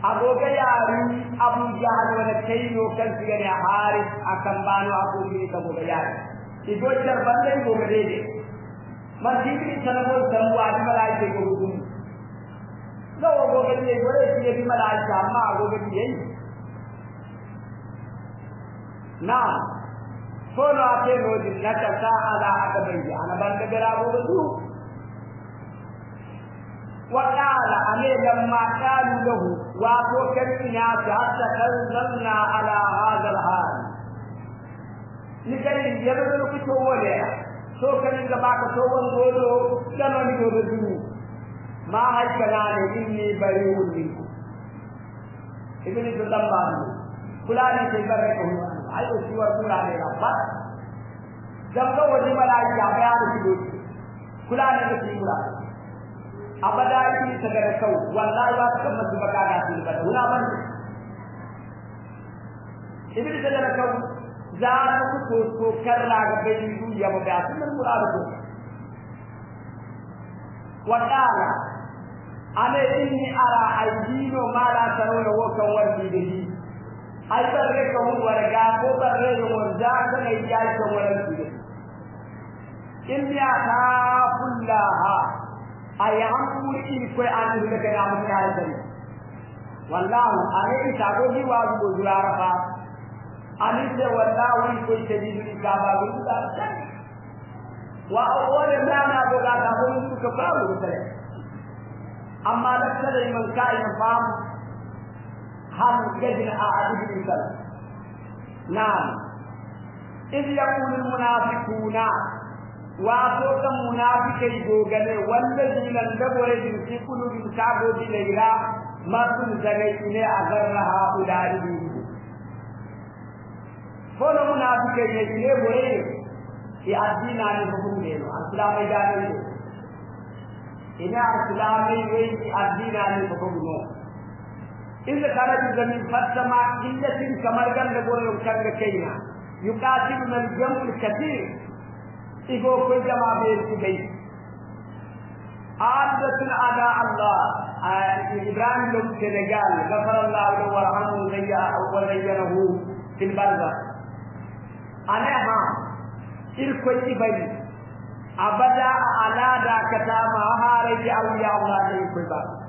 abogayaari abu jahal kan teyno kansugene haaris a kambano aɓoɓini kabogayaari igo jarbande igogadeede man tibini tanagol sambu adi malaike gogum so ogogadiye gole tiyebi malaike amma agogadiyeyi naam fono a tenoji natasa ala adabaiya ana bande beragogo duu وقال أمير لما قالوا له وأتوكلنا حتى أنزلنا على هذا الحال لكي يبدو كتوليه so kanin gaba ka so wani gozo sama ni gobe duni ma haikala ne inni bari wuri ibn zullan ba ne kula ne sai bare ko ai ko shi wa kula ne rabba dan ga wani mala'ika ya da shi kula ne da shi kula abada shi ta ga kau wallahi ba ta kan masu baka na su ba wala ban ibnu da da kau za ku ko ko karra ga bai ya ba da sunan muradu ko wa ane inni ara aidino ma la wakan wa da wardi dahi ai barre ka mun warga ko barre ka mun da kana yi ya ka wardi dahi inni akhafullaha a yanku iko an da kai an da aljanna wallahu alai ta go wa go jurara fa ani ce wallahu iko ce ji ka ba wa awwala ma na go da ka go su amma da kada man ka yin fam hal gajin a adibin sal na'am إذ يقول wato ka munafikai gogale wanda zinan dabore din fi kullu bi sabo di lagira ma kun zagai ile azarra ha udari bi ko na munafikai ne ile bore ki addina ne hukum ne no asla ne ina asla ne ne ki addina ne hukum no inda kana bi zamin fatsama inda tin kamar gan da gore yukatibun al-jamu al کو کوئی جمع بیچ کی گئی آج دن آگا اللہ ابراہیم لوگ کے لے گیا غفر اللہ لو رحم الیا رہو دل بار ارے ہاں صرف کوئی سی بھائی اب جا الا جا کتا مہا رہی اولیاء اللہ نہیں کوئی بات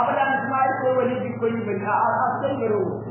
اب اسماعیل کو وہی کوئی بھائی آپ سے ضرور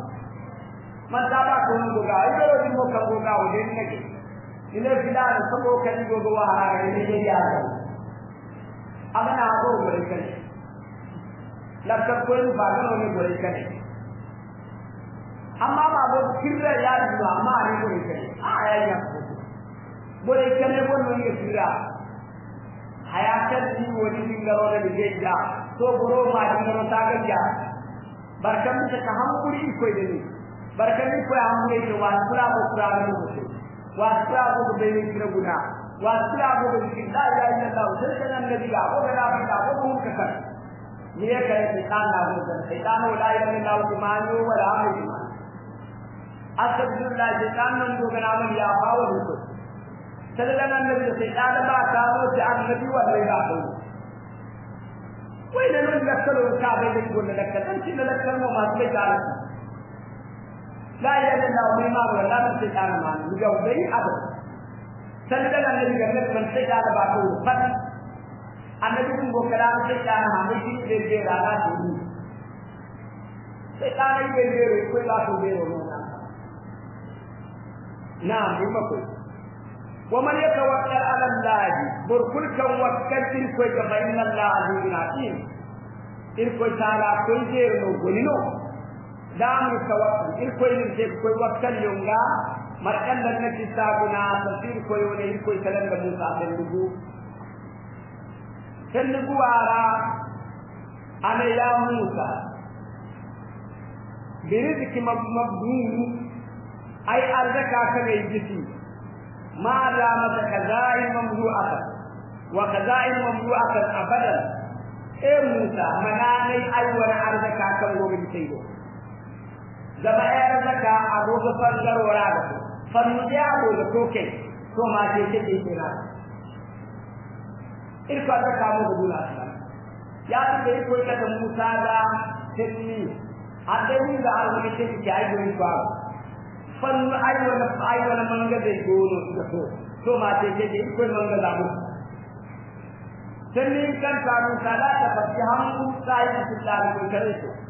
ಮಸಾಲ ಕೊಂಗುಗ ಐದರ ನಿಮ್ಮ ಕಂಗುಗ ಒಡೆನ್ನೆಗೆ ಇಲ್ಲ ಫಿಲಾನ ಸಂಗೋ ಕಂಗುಗುವ ಹಾಗೆಯಾಗ ಅವನ ಆಗೋ ಬಳಿಕನೆ ಲಕ್ಕಪ್ಪನು ಭಾಗವನ್ನು ಬಳಿಕನೆ amma ba ba kirra ya zuwa amma ne ko ne a ya ya ko bore kene wannan ya kirra hayatar ni wani dingaro da bije ja to boro ma dingaro ta ga ja barkan ta ka hankuri ko ne بركني في عمري واسرع بكرة منه واسرع بكرة من غنا واسرع بكرة من لا إله إلا الله وسجن النبي أبو بلال أبو أبو مكسر نية كان سيدان لا بد من سيدان ولا إله إلا الله كمان يوم ولا عام يوم أسد الله سيدان من دون غنا من يابا ورسول سجن النبي سيدان ما كانوا سيدان النبي ولا إله إلا الله وين نقول لك سلوك كابي لك ولا لك تنسي لك سلوك ما تيجي على la ilaha illallah mai ma wala ta sai kana ma mu ga dai abu san da nan ne ga kan sai ka da ba ko fa annabi kun go kala sai kana ma mai shi sai ke da ka dubi sai kana yi ne ne ko la ko ne ne na mu ma ko wa man yatawakkal ala allah burkul kan wakkatin ko ga bayyana allah azim in ko sala ko je no golino damu ka wakkan ir koy ni te koy yo nga mar kallal na ci saguna tafsir koy woni ir koy kala nga musa ben dugu sen dugu ara ane ya musa birizki mabdun ay arda ka ngay jiti ma la mata kazai ata wa kazai ata abadan e musa mananai ay wani ka kan gobe sai zama ƴaƴan zaka a gobe wara da su fannuɗe a gobe token ko ma ce ce ce ke na irka zaka mu gudu na su ya fi da iko ita da musa da tinni a ɗari da arziki ce ke aiki ba fannu ayi wani ayi wani manga da gono su da so to ma ce ce ce iko manga da mu tinni kan samu sadaka fa ki hamu sai ki tsara kun kare su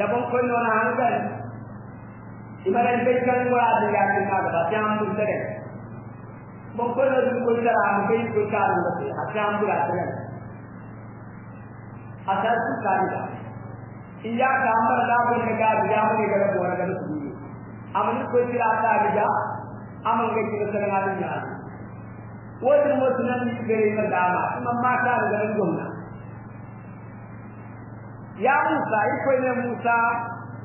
දබොන් කොන්න ආනන්ද ඉමරෙන් දෙකන් වාදිය යනවා අධ්‍යාත්ම උදේ මොකද කොල්ලා අම්කේ කොචාර උදේ අධ්‍යාත්ම උදේ අසත් කාරිදා ඉයා කාමරදා කොනකා වියාමනේ කර පොරකට සුදී அவன் கொஞ்சம் ஆட்டாடிதா அவங்க கிருஷ்ணனாலும் ஒரு ஒரு நம்பிக்கை வந்தாமா நம்ம அம்மாக்காரர்களும் ya Musa in kai ne Musa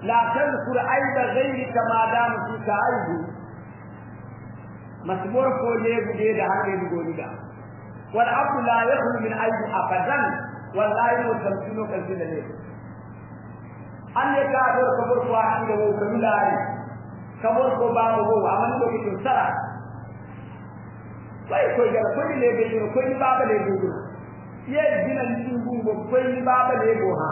la tazkur aiba ghayrika ma dam fi aibu masmur ko ne gude da hande ni goniga wal abdu la yakhlu min aibu abadan wallahi wa tamtinu kan da ne anne ka dor kabur ko aki da wo kamilari kabur ko ba wo aman ko kitin sara sai ko ga ko ne be ko ni baba ne gudu ye dinan tungu ko ni baba ne go ha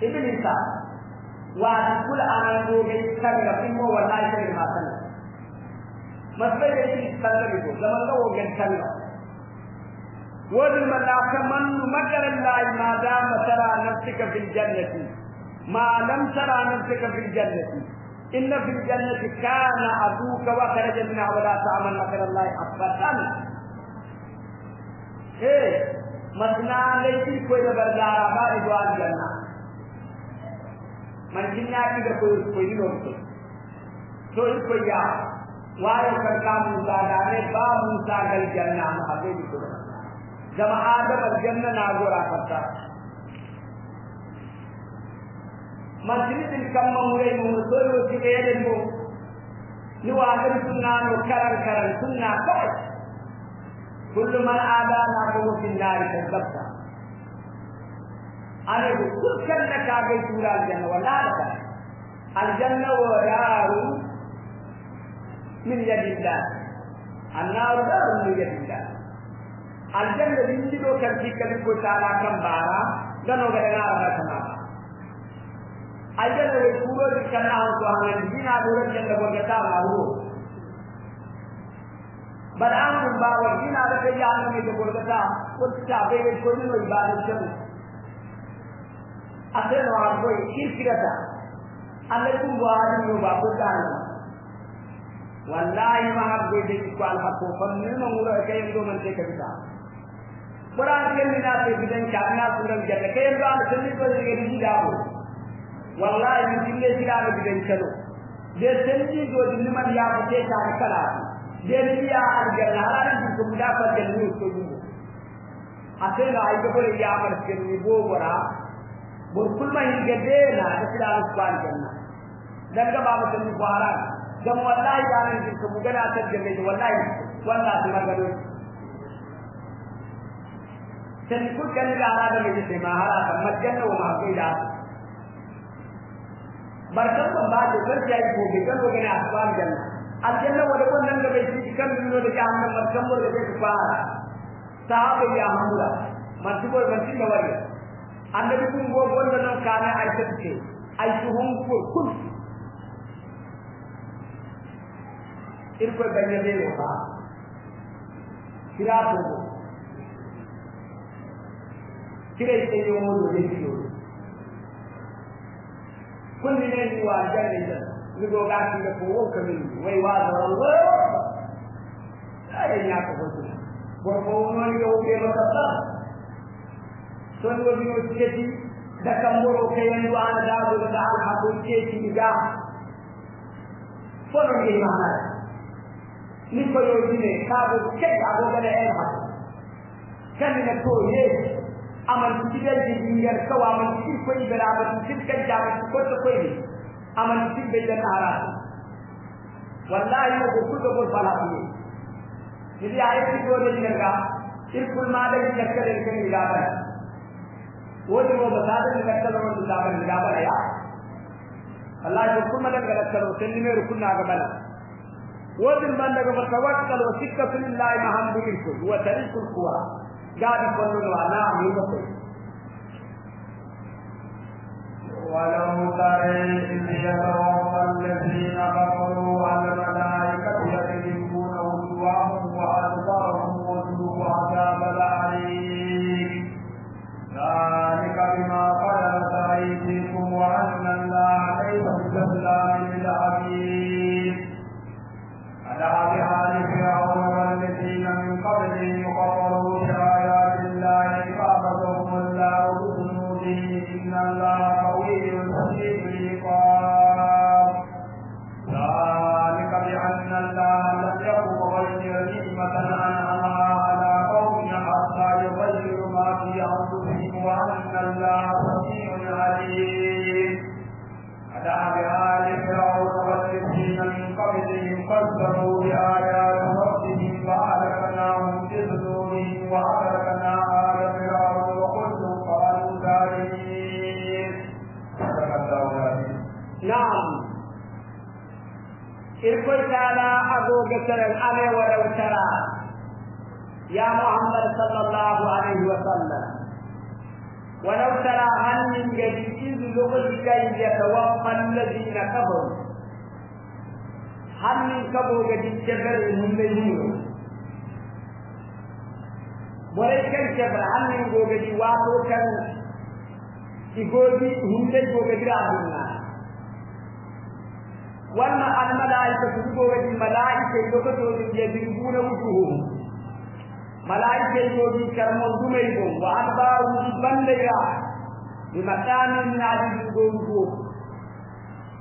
كيف iblisa waati kul aanaan googee sangafi يكون wallaa isa irraa sanna masbe jechuun sanna bigo zamanla woggan sanna ولما لا تمن مكر الله ما دام ترى نفسك في الجنة ما لم ترى نفسك في الجنة إن في الجنة كان عدوك وخرج منها ولا تعمل مكر الله أبدا إيه مثنى ليس كل بردار بعد الجنة manjinnaatiga koyinoomte so in koyya waayo karkaa muusaagaane baa muusaagal jannaamu abeedi kodan gama aadama janna naagoraa kartaa masjidin kamma muray mu so yo tigeeden mu ni waadan sunnaano karan karan sunna kawai kullu man aadaanaa kogo finnaari kadabta ಅರಿವು ಕುಲ್ಕನ್ನಕ್ಕಾಗಿ ಕೂಡ ಅಲ್ಜನ್ನವಲ್ಲ ಆಡ್ತಾನೆ ಅಲ್ಜನ್ನವ ಯಾರು ನಿಲ್ಲದಿಲ್ಲ ಅನ್ನಾವದ ನಿಲ್ಲದಿಲ್ಲ ಅಲ್ಜನ್ನ ನಿಂದಿರೋ ಕಲ್ಸಿ ಕಲಿಕೊಟ್ಟಾಗ ಕಂಬಾರ ಗನೋಗರಗಾರರ ಸಮಾನ ಅಲ್ಜನವೇ ಕೂರೋದು ಚೆನ್ನ ಅವತ್ತು ಹಂಗೆ ದಿನ ದೂರದಿಂದ ಹೋಗತ್ತಾರು በጣም ባወጊን አደገኛ አለም የተጎርበታ ወጥቻ በቤት ጎድኖ ይባለችም ಅದನ್ನು ಆಗೋ ಇರ್ತಿರತ್ತ ಅದಕ್ಕೂ ವಾದನು ಬಾಬುದಾನ wallahi ma habbe de ko al hakko fanni ma mura kay ndo man te kabita bura ken ni na te bidan ka na suran jalla kay ndo al sunni ko de ni di dawo wallahi ni dille sira ga bidan kalo de sanji do dilli man ya ko te ka kala de biya al jalla halan ku da fa de ni ko ni ate na ay ko ya mar ken ni bo bora ಮುಸ್ಕುಲ್ಮ ಹೀಗದ್ದೇ ನಸಿಲ ಅನುಸ್ವಾರಿಯನ್ನ ನಂಗ ಬಾಬತನ್ನು ಬಾರ ಜಮ್ ವಲ್ಲಾಹಿ ದಾನಿಗಿಂತ ಮುಗಲ ಆಚರ್ಯದಲ್ಲಿ ವಲ್ಲಾಹಿ ವಲ್ಲಾಹಿ ಮಗಳು ಸನ್ಕು ಜನ್ಗ ಆರಾಧನೆ ಇದೆ ಮಹಾರಾಜ ಮಜ್ಜನ್ನು ಮಹಕೀಲ barkan ban ba da sarki ya yi gobe kan gobe ne a tsawon janna aljanna wanda wannan da bai shi kan duniya da jahannam barkan ban da zai fara sahabai ya hamura masu gobe ban da wani annabi kun go gonda non kana ay tete ay tuhum ko kun ir ko ganya de ne ba siratu kire ite yo mo do yo kun ne ni wa jare da ni go ga ki ko wo wai wa da Allah ai ya ko ko ko mo ni ke ta sonwobinocceti daka moro kayandu ana dagoɗa an hako ceeti iga fono ngel manaɗa ni koyoyine kaɗo keg agogaɗa en hako kamina to yeeji amanti tiɗelji ɓinngel kaw amanti tir koyiɓeɗa amanti tir kajja amanti kotta koyɓe amanti tirɓe janna harata wallahi ogo kuɗɗo gol fala kuye miɗi a yetti ɗo ɗen nerga irkul maɗa jakkaɗen kene iga bana ಓದಿರುವ ಸಾಧನೆ ಕಟ್ಟಲು ಒಂದು ದಾವನ ವ್ಯಾಪಾರಯ ಅಲ್ಲಾಹ ಹುಕ್ಕುಮಲಂಗ ಕಟ್ಟಲು ಸೆಲ್ಲಿಮೆ ರುಕ್ಕುನ್ನಾಗಬಲ ಓದಿನ ಬಂದಾಗ ತವಕ್ಕಲು ಸಿಕ್ಕ ಸುಲಿಲ್ಲಾಯ ಮಹಾನ್ ಬಿಗಿರ್ಕು ಇವ ಸರಿ ಸುರ್ಕುವ ಗಾದಿ ಕೊಲ್ಲುವ ಅಲ್ಲ ನೀವತ್ತು ولو ترى إذ يتوفى الذين كفروا على الملائكة يضربون وجوههم وأدبارهم بما قدمت أيديكم وأن الله ليس من للعبيد ألا بحال فرعون والذين من قبله يقرروا بآيات الله فأخذهم الله بجنوده إن الله قوي شديد العقاب ذلك بأن الله لم يكن غير نعمة أنعمها ورسالا أبو قسر أبي ولو ترى يا محمد صلى الله عليه وسلم ولو ترى هل من جديد إذ لغزك إذ يتوفى الذين كفروا هل من كبر قد جبر من بينهم ولكن جبر هل من قد واتو كان يقول لي هم تجوا قد رابوا wannan almalaika su go ga malaika yi lokacin da ya bibu na wujuhu malaika yi bi karmo dumai go wa an ba adbaru bandaya bi makamin na bi go go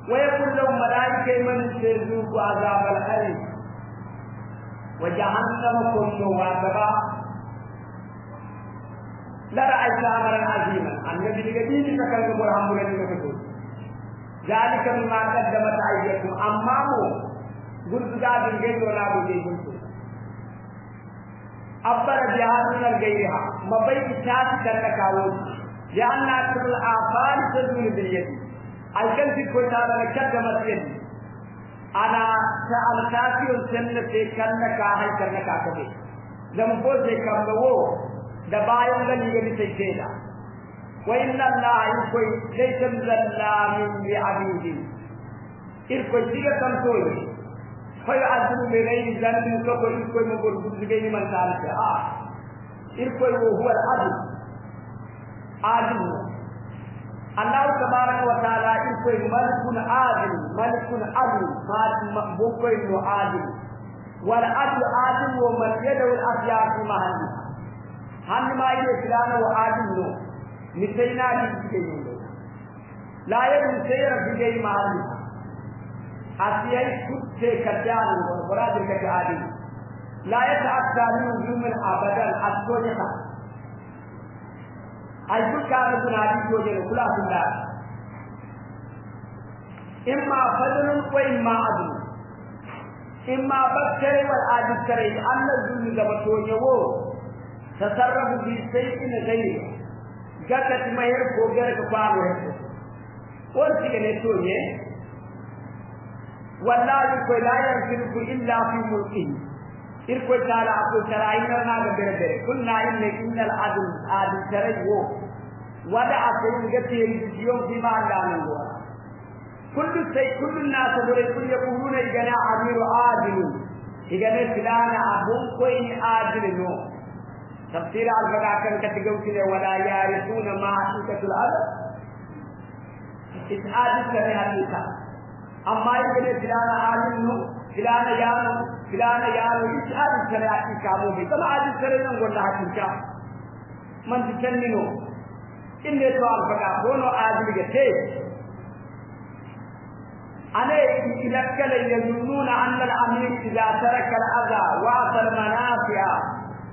wa yakul law malaika man ce zu ku azab al hari wa jahannam kullu wa adaba la ra'ayta amran azima annabi diga bi ka kalmo ko hamburan lokacin ذلك مما قدمت أيديكم أما مو قلت ذا غير ولا بدي قلت أبر بها من غيرها مبين كتاب كان كاوز لأن أكثر الآثار تزول باليد الكلب كنت أنا قدمت يدي أنا سألتاكي الجنة كان كاهل كان كاكبي لم بوزي كم لو دبايم لن يجب تجيلا وإن الله يكوي ليس بظلام لعبيد إركوي سيئة تنكوي فيعذب بغير ذنب كفر إركوي مقول بغير من ذلك آه إركوي وهو العدل عادل الله تبارك وتعالى إركوي ملك عادل ملك عدل مكوي عادل والعدل عادل ومن يدعو الأبيات مهندس هم ما يدعو الإسلام وعادل مثلنا بيجينه لا يد سير بيجي مالي أسيأي كت كتان وبراد كتان لا يتعدى نجوم أبدا أسوجها أيضا كان ابن أبي جوجل كلا سنة إما فضل وإما عدل إما بكر والعدل كريم أن الظلم قبطون يوو تصرف في سيء غيره gakati mayar ko ko garka kwano ko ko sigane to ne wallahi ko la yanfiku illa fi mulki irko tala ko tara ina na ga bere bere kunna inna innal adl adl wo wada asin gati yiyo bi ma Allah ne kullu sai kullu nas bere kullu yaquluna igana amiru adil igana filana abun ko in adil no تفسير البدع كان كتجوتنا ولا يعرفون معصية الأذى إسعاد كبيرة أما يقول فلان عالم فلان يعلم فلان يعلم إسعاد كبيرة كامو بي طبعا هذه السنة نقول لها تلك من تسننه إن سؤال فقا هونو آدم جتيش أنا يتلكل يظنون أن الأمير إذا ترك الأذى وأعطى المنافع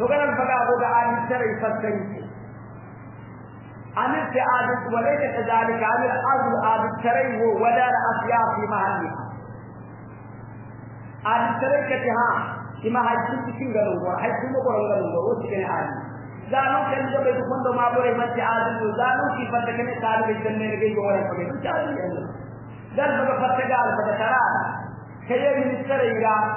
وقال فلا بد ان الشرع ان عن التعادل وليس كذلك عن الأرض عن الشرع ولا الأشياء في محلها عن الشرع كتها كما هيكون تشنغل ولا هيكون ولا ولا وسكن عن زانو كان جب يكون دو ما بره ما تعادل زانو في فتكنه تعالى بيتنه لغي ولا كده تعادل ده بقى فتكال فتكال كده من الشرع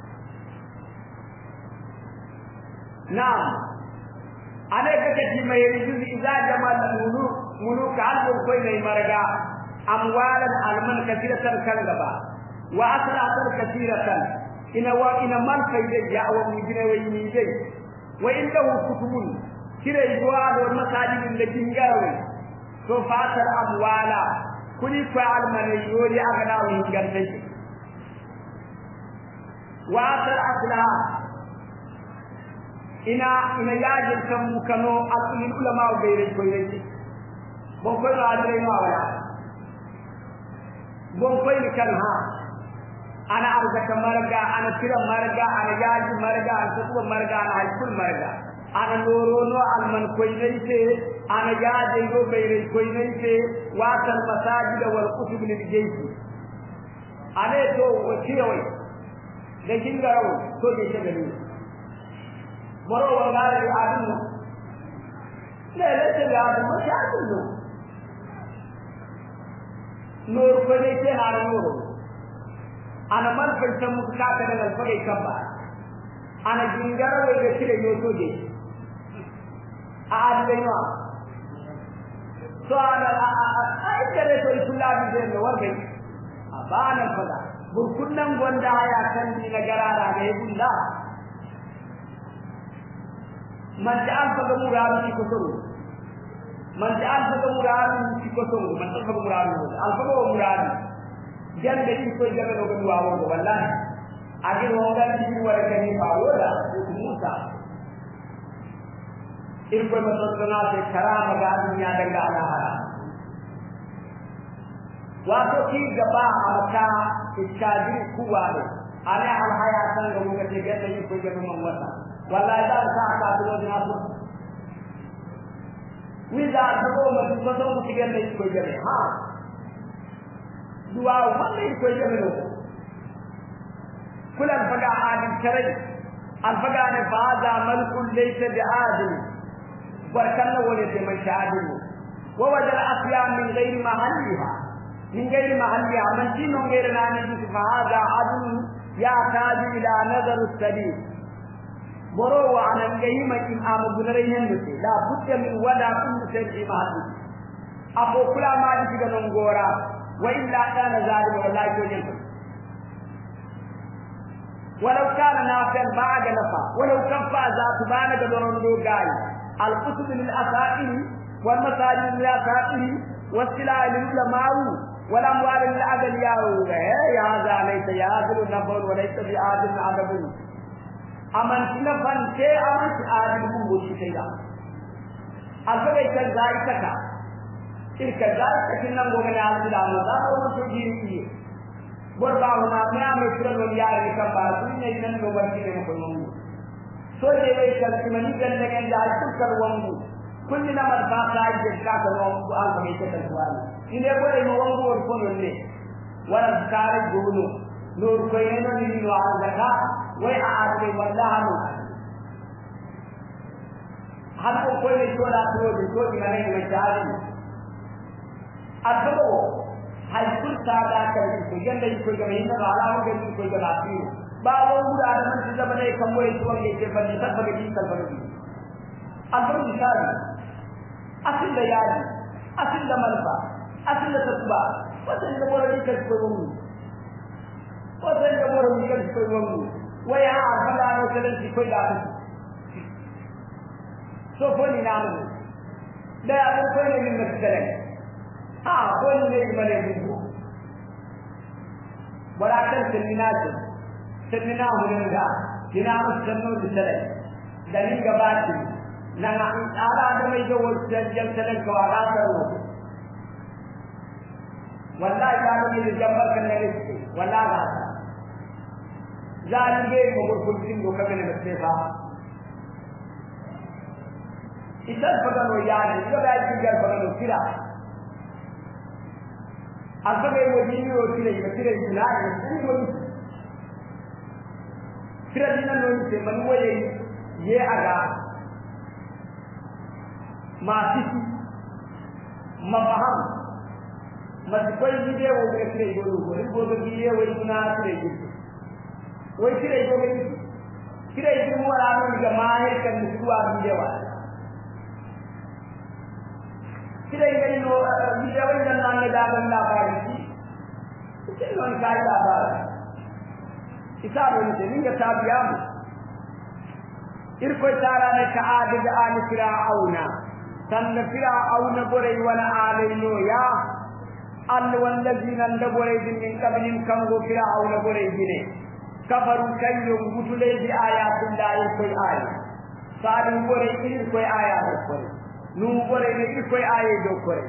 na'am ana kake ci mai rijizi idza jamal muluk muluk albu koi mai marga amwalan alman kathiratan kan gaba wa asratan kathiratan ina wa ina man faidai ya wa mi gina wai mi dai wa indahu kutubun kire yuwa da masajidin da kingawe to fatar amwala kuni fa alman yori aga da wi gandai wa ina ina yajin kan mu kano asulin ulama bai rai bai rai bon koy la adre ma wala bon koy ni kan ha ana arzaka marga ana kira marga ana yaji marga ana tuba marga ana haikul marga ana loro no alman koy nei te ana yaji go bai rai koy nei te wa kal masajid wal kutub lil jaysi ane to waciyawai da kingarau to bai ta ni. abin moro wangare adinu lele adu ma shadinu nur fadece har nur ana man fanta muku ka ka daga fadai kamba ana jingara wai da kire yoto de a adinwa so ana ai dare to da de ne wanda abana fada burkunnan gwanda ya kan ni na gara da ga ibunda manti alfa gamuuraanu ci ko soru manti alfa gamuuraanu ci ko soru manti alfa gamuuraanu wala alfa gamuuraanu jambe ci ko jambe no gadu waawo wallahi age hongan ci wala kani fa wala ko musa irko ma tonna te karama ga dunya danga ala hala wato ci gaba amka iskadir kuwa ne ana al hayatan ga mu ka te gatta ko jambe man wasa ولا يزال ساعة تعتبر ناصر في أعتبروا مدوم متجمع يكون جميع ها دعاء هم يكون جميع كل الفقع عادل كري الفقع نفاذا ملك ليس بعادل وركنا ولد من شعادل ووجد الأصيام من غير محلها من غير محلها من دين غير نانجي فهذا عدل يحتاج إلى نظر السبيل borowo anan ma in ama gunare hendude la budda min waɗa kullu shar'i ma haɗude afo kulamaɗi siga noon goora wa illa kana zalima wallahi joñen ko ولو كان نافعا ما نفع ولو كفى ذات بانك دون دوغاي القصد للأسائل والمساجد للأسائل والسلاء للعلماء والأموال للأغنياء يا هذا ليس يا ذل نفع وليس بآدم عدم amanti na bante amanti ari mungu nan gobe na taka tilka zalika kinna ngogana alida jini awu tujiri ki borba huna me ame turan wal yari kan ba dunne nan go barki ne ko mungu so de be kal kimani kan ne kan jai tu kar wangu kulli na mar ba kai de ka ko wangu al me ta kal wani inde bore mo wangu wor ko ne wala kare gulu nur ko yeno ni wa wai a ake wanda hannu hannu ko ne to da to da to ina ne mai tsari abu ta da kan ko ko ga mai da ala ko ga ko ga lafi ba wa guda da mun da bane kan wai to ne ke bane ta bane din kan bane abu misali asin da yadi asin da malfa asin da tasba wannan da mora ne kan ko da mora ne kan ko ويا فلان وفلان في كل آخر سوفوني نعمل لا أقول كل من مكتلك آه كل من مكتلك ولكن سميناته سميناه لنجا جنام السنو تسلك دليل قباتي نعم، لنا على عدم يجوز تسجل سلك وعلى سروه والله كانوا يجنبك النبي والله غاثة zalunge kamar kullum ko kamar da ce ba idan fadan waya ne ga da yake ga fadan sira asa ga mu yi ne wani ne mai tire ina ga sun mun sira dinan non ce man waye ye aga ma ci ma faham ma ko yi dewo ga tire go go go ga dewo ina tire go wai kira yi gobe ni kira yi mu wala mun ga mahir kan suwa bidewa kira yi gani no bidewa dan nan ne da ban labari shi kin non kai labari kitabun ne ta biya mu irko tara ne ka adi da an fir'auna tan fir'auna gore wala alaino ya An al wallazina ndabore din min kabilin kango fir'auna gore dine kafaru kan yo gutule bi aya kun da ay koy aya sadu gore ir kwai aya da kore nu gore ne ir kwai aya da kore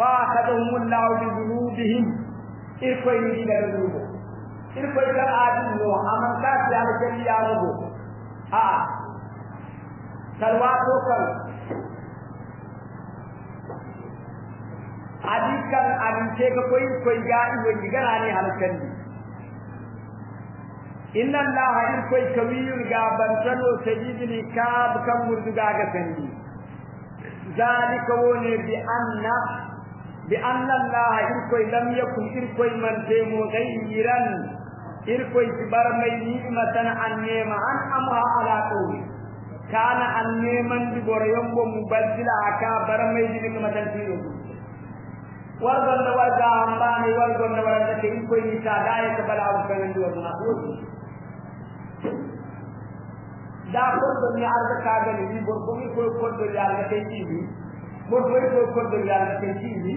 fa da allah bi zunubihim ir kwai ni da zunubo ir kwai da adi no aman ka ya ke ya go ha salwa to kan adikan adin ce ga kwai koy ga iwe gana ne halkan ni inna allaha irkoy kawiyun gabantano sayyidini kab kam murdugaga sendi ذلك وني بأن بأن الله إركوي لم يكن إركوي من مغيرا إركوي جبر مي نعمة عن نعمة عن أمها على قومه كان عن نعمة جبر يوم مبدلا كبر نعمة فيه wargon da warga ambani wargon da warga ke in koyi ta da ya kabala wa kanan duwa na ದಾಪೊಂದು ಯಾರ್ಗಕ್ಕಾಗಲಿ ಬೊಬ್ಬೊಮ್ಮೆ ಕೊಯ್ಕೊಂಡು ಯಾರ್ಗ ತೆಂಗಿವಿ ಬೊಬ್ಬೊಯ್ ಕೊಯ್ಕೊಂಡು ಯಾರ್ಗ ತೆಂಗಿವಿ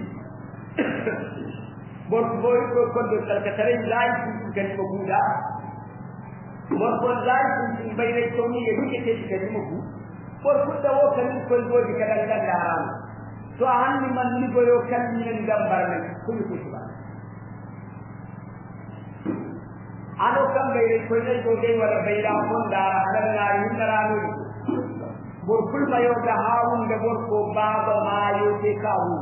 ಬೊಬ್ಬೊಯ್ ಕೊಯ್ಕೊಂಡು ಕಲ್ಕತ್ತರೆ ಲಾಯ್ ಕುಂಚಿಕನಿಮ ಗೂಡ ಬೊಬ್ಬೊಂದು ಲಾಯ್ ಕುಂಚಿನ ಬೈರೈ ತೊಂದು ಎದುರಿಗೆ ತೆಂಗಿಕನಿಮ ಗು ಬೊಬ್ಬುತ್ತವೋ ಕಲ್ಲಿ ಕೊಯ್ಬೋದು ಕಡಲ್ಲ ಯಾರಾನು ಸೊ ಹಣ್ಣು ಮನ್ನಿಗೊಯೋ ಕಲ್ಲಿನಿಂದ ಬರಬೇಕು ಕುಳಿ ಕುಸುವ Ana ganbe da ita ne don baiwa da baiɗa ko ndara, da ɗaya, da ɗaya. Borko ina yau da hagu ne borko babawa yau da kawu.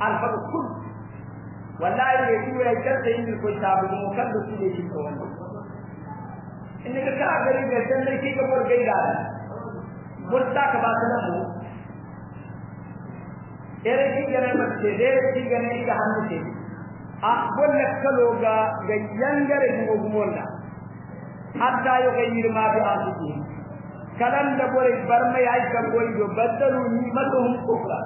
Al'ada ya tura wala ne ya ya gaji yin da ya kusa a baiwa, kada ka taɓa yi ta wani. Ina da ta'adarai ba ta nuna kai ka bori baiɗa ba. Borko ta kamata ma mu. Ina jinjira ya matse da yin jinjira ya yi ta hannu te. a bolle kaloga ga yangare jugo gumonda hatta yo ga yirma bi asiki kadan da bore barma yayi kan goyi do badalu ni matuhum kufra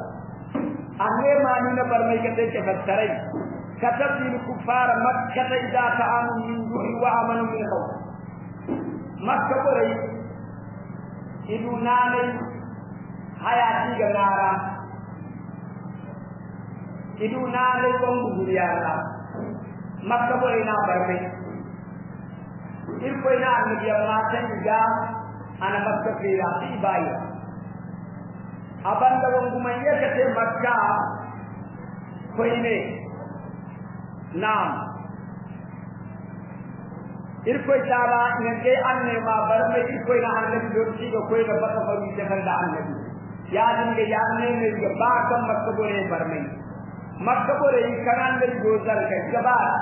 anne mani na barma ke te ke batarai katabdil kufara makkata ta ta'amu min duhi wa amanu min khawf makka bore idu nanai hayati ga nara kidu na le ko nguri ala makka bo ina barbe ir ko ina ni dia ma ten ga ana makka fi la ti bai aban da ngum ma ye kete makka ko ine naam ir ko ta ba ne ke an ne ma barbe ir ko ina ne do ti ko ko ina ba ko ni ya ni ya ni ne ba kam makka bo ne barbe مکتب رہی کران میری گوزر کے جبار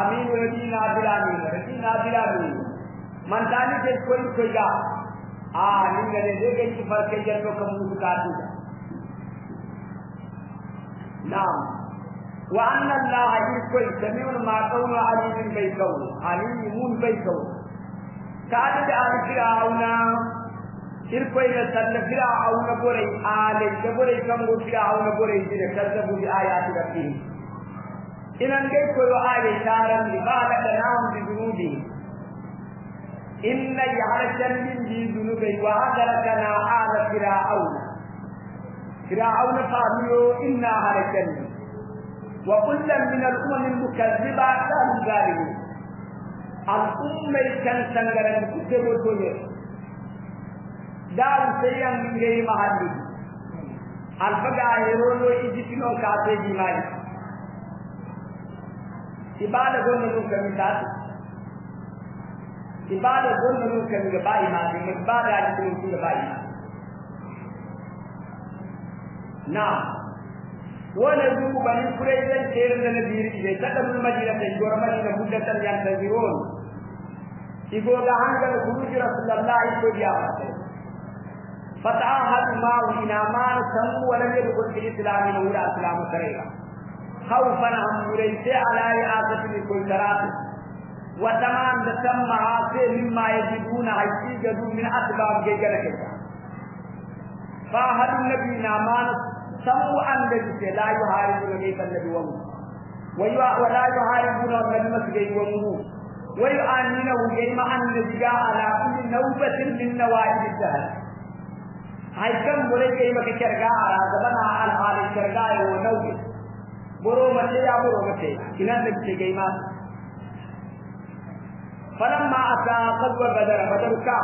امین رضی نادل امین رضی نادل امین منتانی کے کوئی کوئی گا آمین رضی دے گئی کی فرق ہے جنگو کم نو بتا دی نام وان اللہ ہی کوئی سمیون ما کون آمین بے کون آمین مون بے کون کہا جب آمین کی آونا إركوين سنة فرعون بوري آل جبوري كم فرعون بوري جل كذبوا بآياتنا فيه إن أنجي كل آية شارا لبالك نام بذنوبه إن يعرشن من ذي ذنوبه وأدركنا آل فرعون فرعون قالوا إنا هلكنا وكلا من الأمم المكذبة كانوا ظالمين الأمة كان سنغرا مكتبوا الدنيا daaru seyyan min gayri mahallidi alfaga ka te di mani ibada gonno ɗum kami tat ibada gonno no kami ga bayi made mo ibada aji ɗum kuga bayi made na wona ɗum bani kureyɗen ceerdana biriɗe taɗamul madinata igoro madina buddatan da igoga hangal kuruji rasulallah ko diyamate فتعاهدوا معه إلى ما نسموا ولم يدخل في الإسلام ولا إسلام سريعا خوفا هم ليس على رئاسة لكل الكلترات وتمام تم معاصي مما يجدون يجدوا من أسباب جيجلك فاهل النبي نامان سموا أن لجسي لا يحاربون كيف النبي ومه ولا يحاربون من مسجد ومه ويؤمنه جيما أن جاء على كل نوبة من نوائب الدهر haikan mulai yi maka kirga a razabana alhalin kirga ya wa nauyi buru mace ya buru mace kinan da ke gaima falamma ata qadwa badara a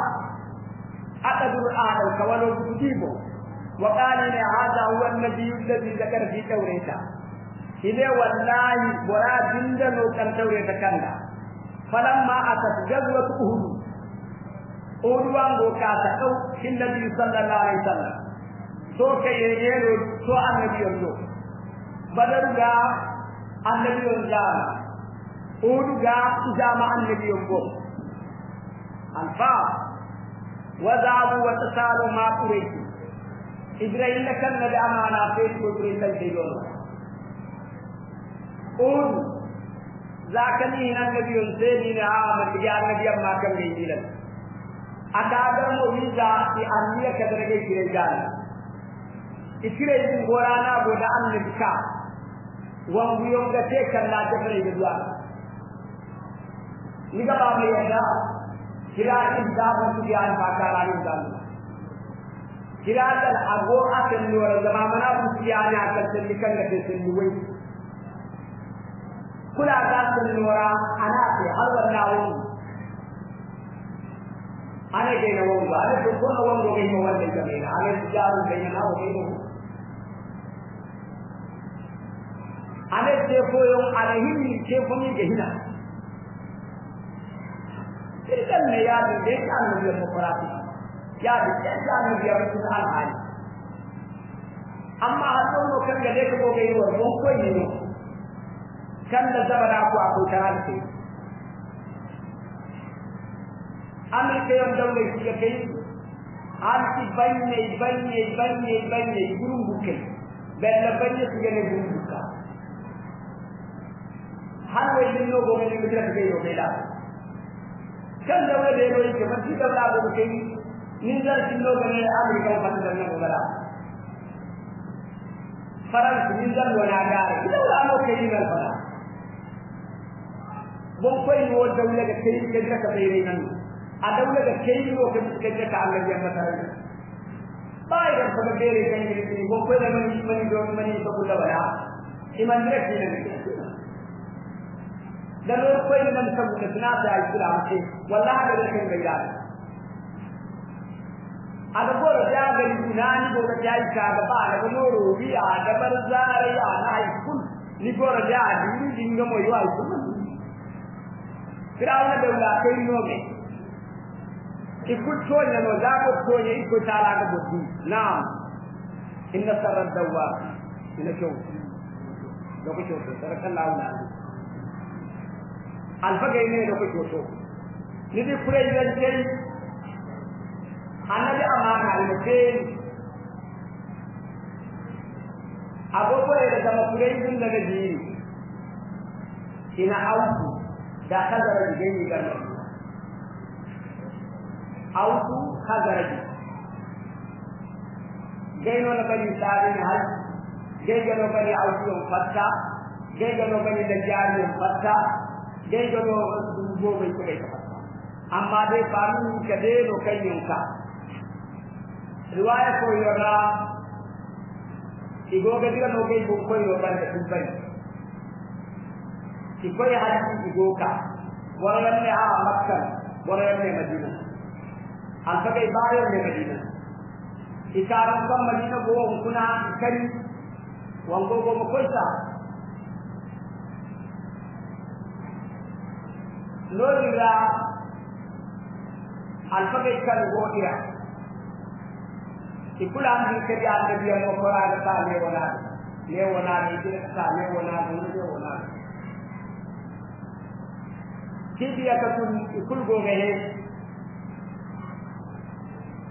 atadu al kawalu tibo wa a ni hada na biyu da zai zakar fi ta ile wallahi bura dinda lokan kan ta kanda falamma atat jazwat uhud uhud wango ka ta للنبي صلى الله عليه وسلم سوك يجيل سوء النبي الله بدر جاء النبي جاء أود جاء جامع النبي الله الفاظ وذهبوا وتسالوا ما قريت إبراهيم لكن نبي أمانا فيه قدرين تلحيلون أود ذاك النبي الزيني نعام النبي أما كم يجيلن akagan wiza ti anniya kadarage kirejan ikire din gorana goda annabika wan guyong da te kalla ta kare duwa niga ba mai yada kira in da ba su yan ba kara ni da kira da ago akan ni wala zama mana bu siya ni akan tin kan da ke tin wai kula da tin wara ana ce har wannan أنا بين ومضى أنا كل ومضى بين ومضى الجميل أنا الجار بيننا وبينه أنا سيفو يوم أنا هم سيفو من جهنا تلك المياه ليس عن نبي المقراتي يا بيت عن نبي أبو الحالي أما هذول كم جدك بوجيه وبوكوينه كم نزبنا أبو أبو كرانتي amerika dawle siga kay anti banne banne banne banne gurumbu kay bella banne siga ne gurumbu ka har way din no gomen ni mitra kay no bela kan dawle de no ke mati dawla go kay nin dar din no gomen amerika ko fatu dan no bela faransi nin dar wona gare dawla no kay ni bela bon koy no dawle ga kay kan ka bayre nan adawla ga kayyo ka miskaka ka Allah ya mata bai da kuma dare kan ni ko ko da mani mani don mani to kula wala iman da ke ne da lo ko ni man sabu da tana da alquran ce wallahi da kan bayyana ada ko da suna ni nani ta yi ka ga ba da no robi a da bar a na ai kun ni ko da ya ni dinga mo yi ai kun firawna da la kai ikutonya no zago konye iko tara ga gudu na inna sarar dawa ina kyau da kuke so sarkar lawa na alfaga ne da kuke so ni bi kure yan kai annabi amana ne ke abokuwa da kuma kure yan daga jini ina auku da hadarin gani garin auku kagaraji gaynono kadi saaɓene hal geygono kadi awti on fatta geygono kadi nde jaari on fatta geygono boɓen ko ɓey ko fatta amma de famin ka de no kañum ka riwaya ko yora igoga digano gey bon koyo ɓande ɗum bari si koye haɗi igoka wonoyanne ha makkan wonoyanne madina an ka kai bayar da madina ikaran kan madina go on kuna kari wango go mo koisa an alfagai kan godiya ikula an bi kari an biya mo kora da ta ne wala ne wala ne ke ta ne wala ne ne wala kibiya ka kun ikul go ga he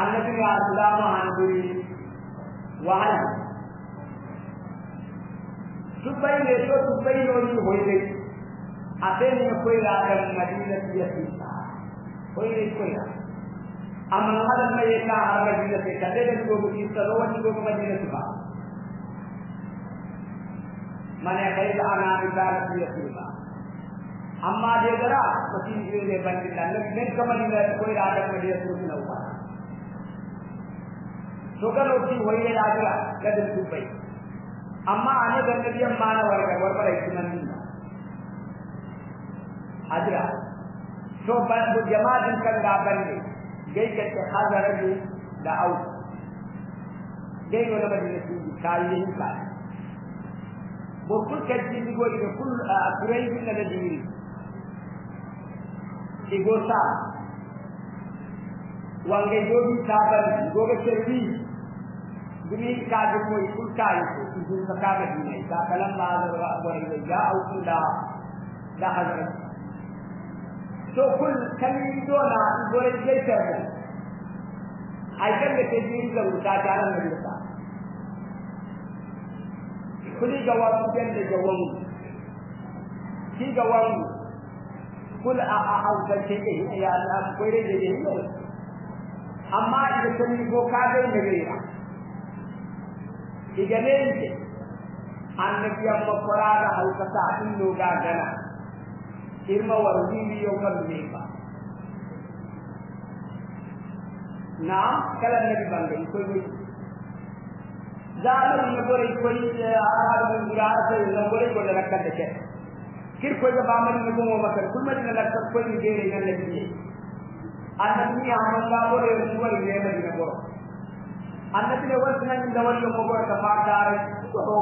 النبي السلام عليه وعلى سبين يشو سبين يشو هويلي أتين كويلا كان مدينة يسيسا هويلي كويلا أما هذا ما يكا على مدينة كذلك يقول يستلون يقول مدينة با من يقول أنا بدارة يسيسا أما جدرا مسيح يقول بندنا لكن كمان يقول أنا مدينة يسيسا dogar wuce wai ne da aka ga amma a ga da biyan ma na wani gawar bare shi nan din hadira so ba da jama'in kan da bane gai ga ta hadara ne da au gai wala ba ne su kai ne ka bo ku ka ji ni go da kullu a kurai da ji ni ki sa wangai go ta ba go ga ce جميل كاجكو يقول كاجكو ان مكابة جميل فلما أول ان إلى لا حضرت تو كل كلمة دولا يقول لي ان هاي كلمة تجميل لو ان من لسا كل جواب ان جواب في جواب كل أعوذ شيء يا الله كل شيء amma idan ka yi boka zai na gaira ligamente annabiyan makwara da halkata in loga gana irma warzibi yau kan ba na kalan nabi bangai ko ne zalim ne gore ko ne har mun gura sai ne gore ko da rakkan da ke kir ko da bamin ne ko makar kun mai na lakkan ko ne ne ne ne annabi ya amma gore ne gore ne ne gore annabi ne wasu nan da wani yau mabuwa ta fadarar tsoro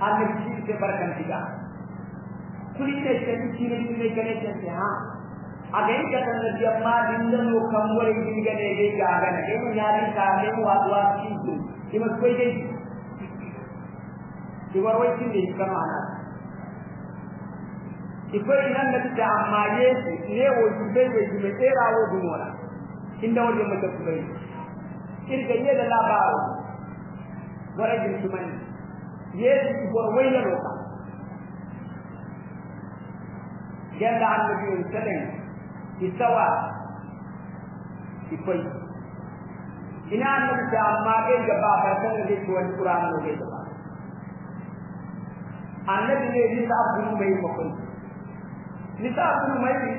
annabi shi ke barkan shiga kuli ne ke ci cire shi gane ke ce ha a gani ka tanda amma din da mu kan wurin gane ne ga gane ke mun ya ri ka ne mu wasuwa ci ce ki ma kai ke ki war wai kin ne ka ma na ki kai nan da ta amma ye ne wo ji bai ji me tera wo dumona inda wani mutum kuma irgayyeda labaaro gorejin sumani yeesu gor waylano ka gella annabiyol selen i sawa i koy ina annabi ta amma ɓen ga babartanga de ko wani qur'ano ɓe gaba annabi ne nisa abdulu mai makoy nisa abdulu mai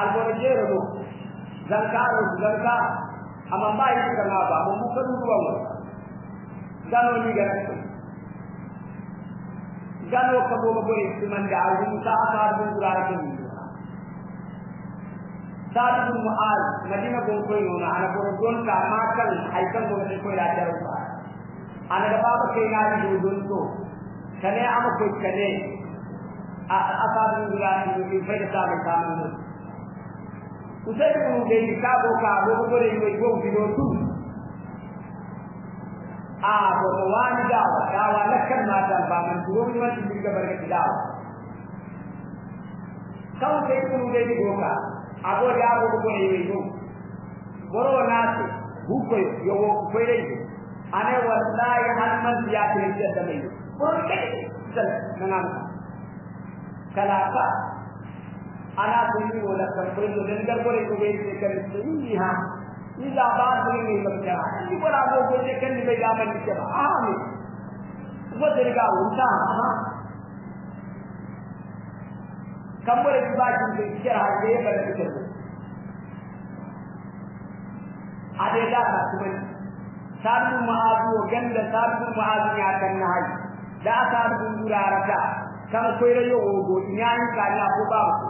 alborojero ɗo zankaro zanka amma ba yi da na ba mu kan ruwan gano ni ga nan gano ka go go ne kuma da alim ka ka da gurare ne sa'ad bin mu'az madina gon ko a na ko don ka ma kan haikan go ne ko da jaru ba ana ba kai na ji don to kane amma ko kane a asabi gurare ne bai da samun samun useme munge kitabu kaabwe mukoleyo egwobubiro tu abo mowani dawa dawa lakkan matan baman kuwomumanti mbirga bargati dawa kawa seyku mungeji goka abode abo mukoleyo egwo boro naate hukkoyo yowo koyreyo ane wallahi halman siyatirejjaddameyo boro kee sal nanamka kalafa أنا سني ولا كمبرين ولا نقدر يقولي ذكر سنيها إذا بعد سني بكرة اللي برا هو كل ذكر اللي بيعمل كذا آمين وذريعة وانتا كمبرين بعد سني بكرة ليه بلا بكرة هذا لا تقبل sabbin ma'azu ganda sabbin ma'azu ya kan na hayi da aka rubu rarata kan koyar yau gogo ina yin kana ko babu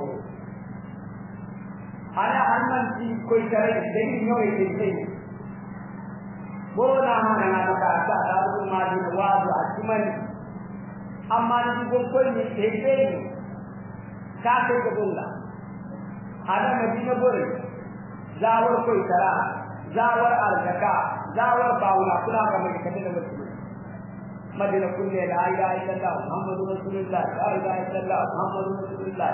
ada anak si koi cari dengi nyoi dengi. Boleh nama yang ada kata dalam rumah di luar rumah cuma aman juga koi ni dengi ni. Kata itu bunga. Ada mesin beri. Zawar koi cara. Zawar arjaka. Zawar bau nak pun apa mesti kena mesti. Madinah kunjilah ayat ayat Allah. Muhammad Rasulullah. Ayat ayat Allah. Muhammad Rasulullah.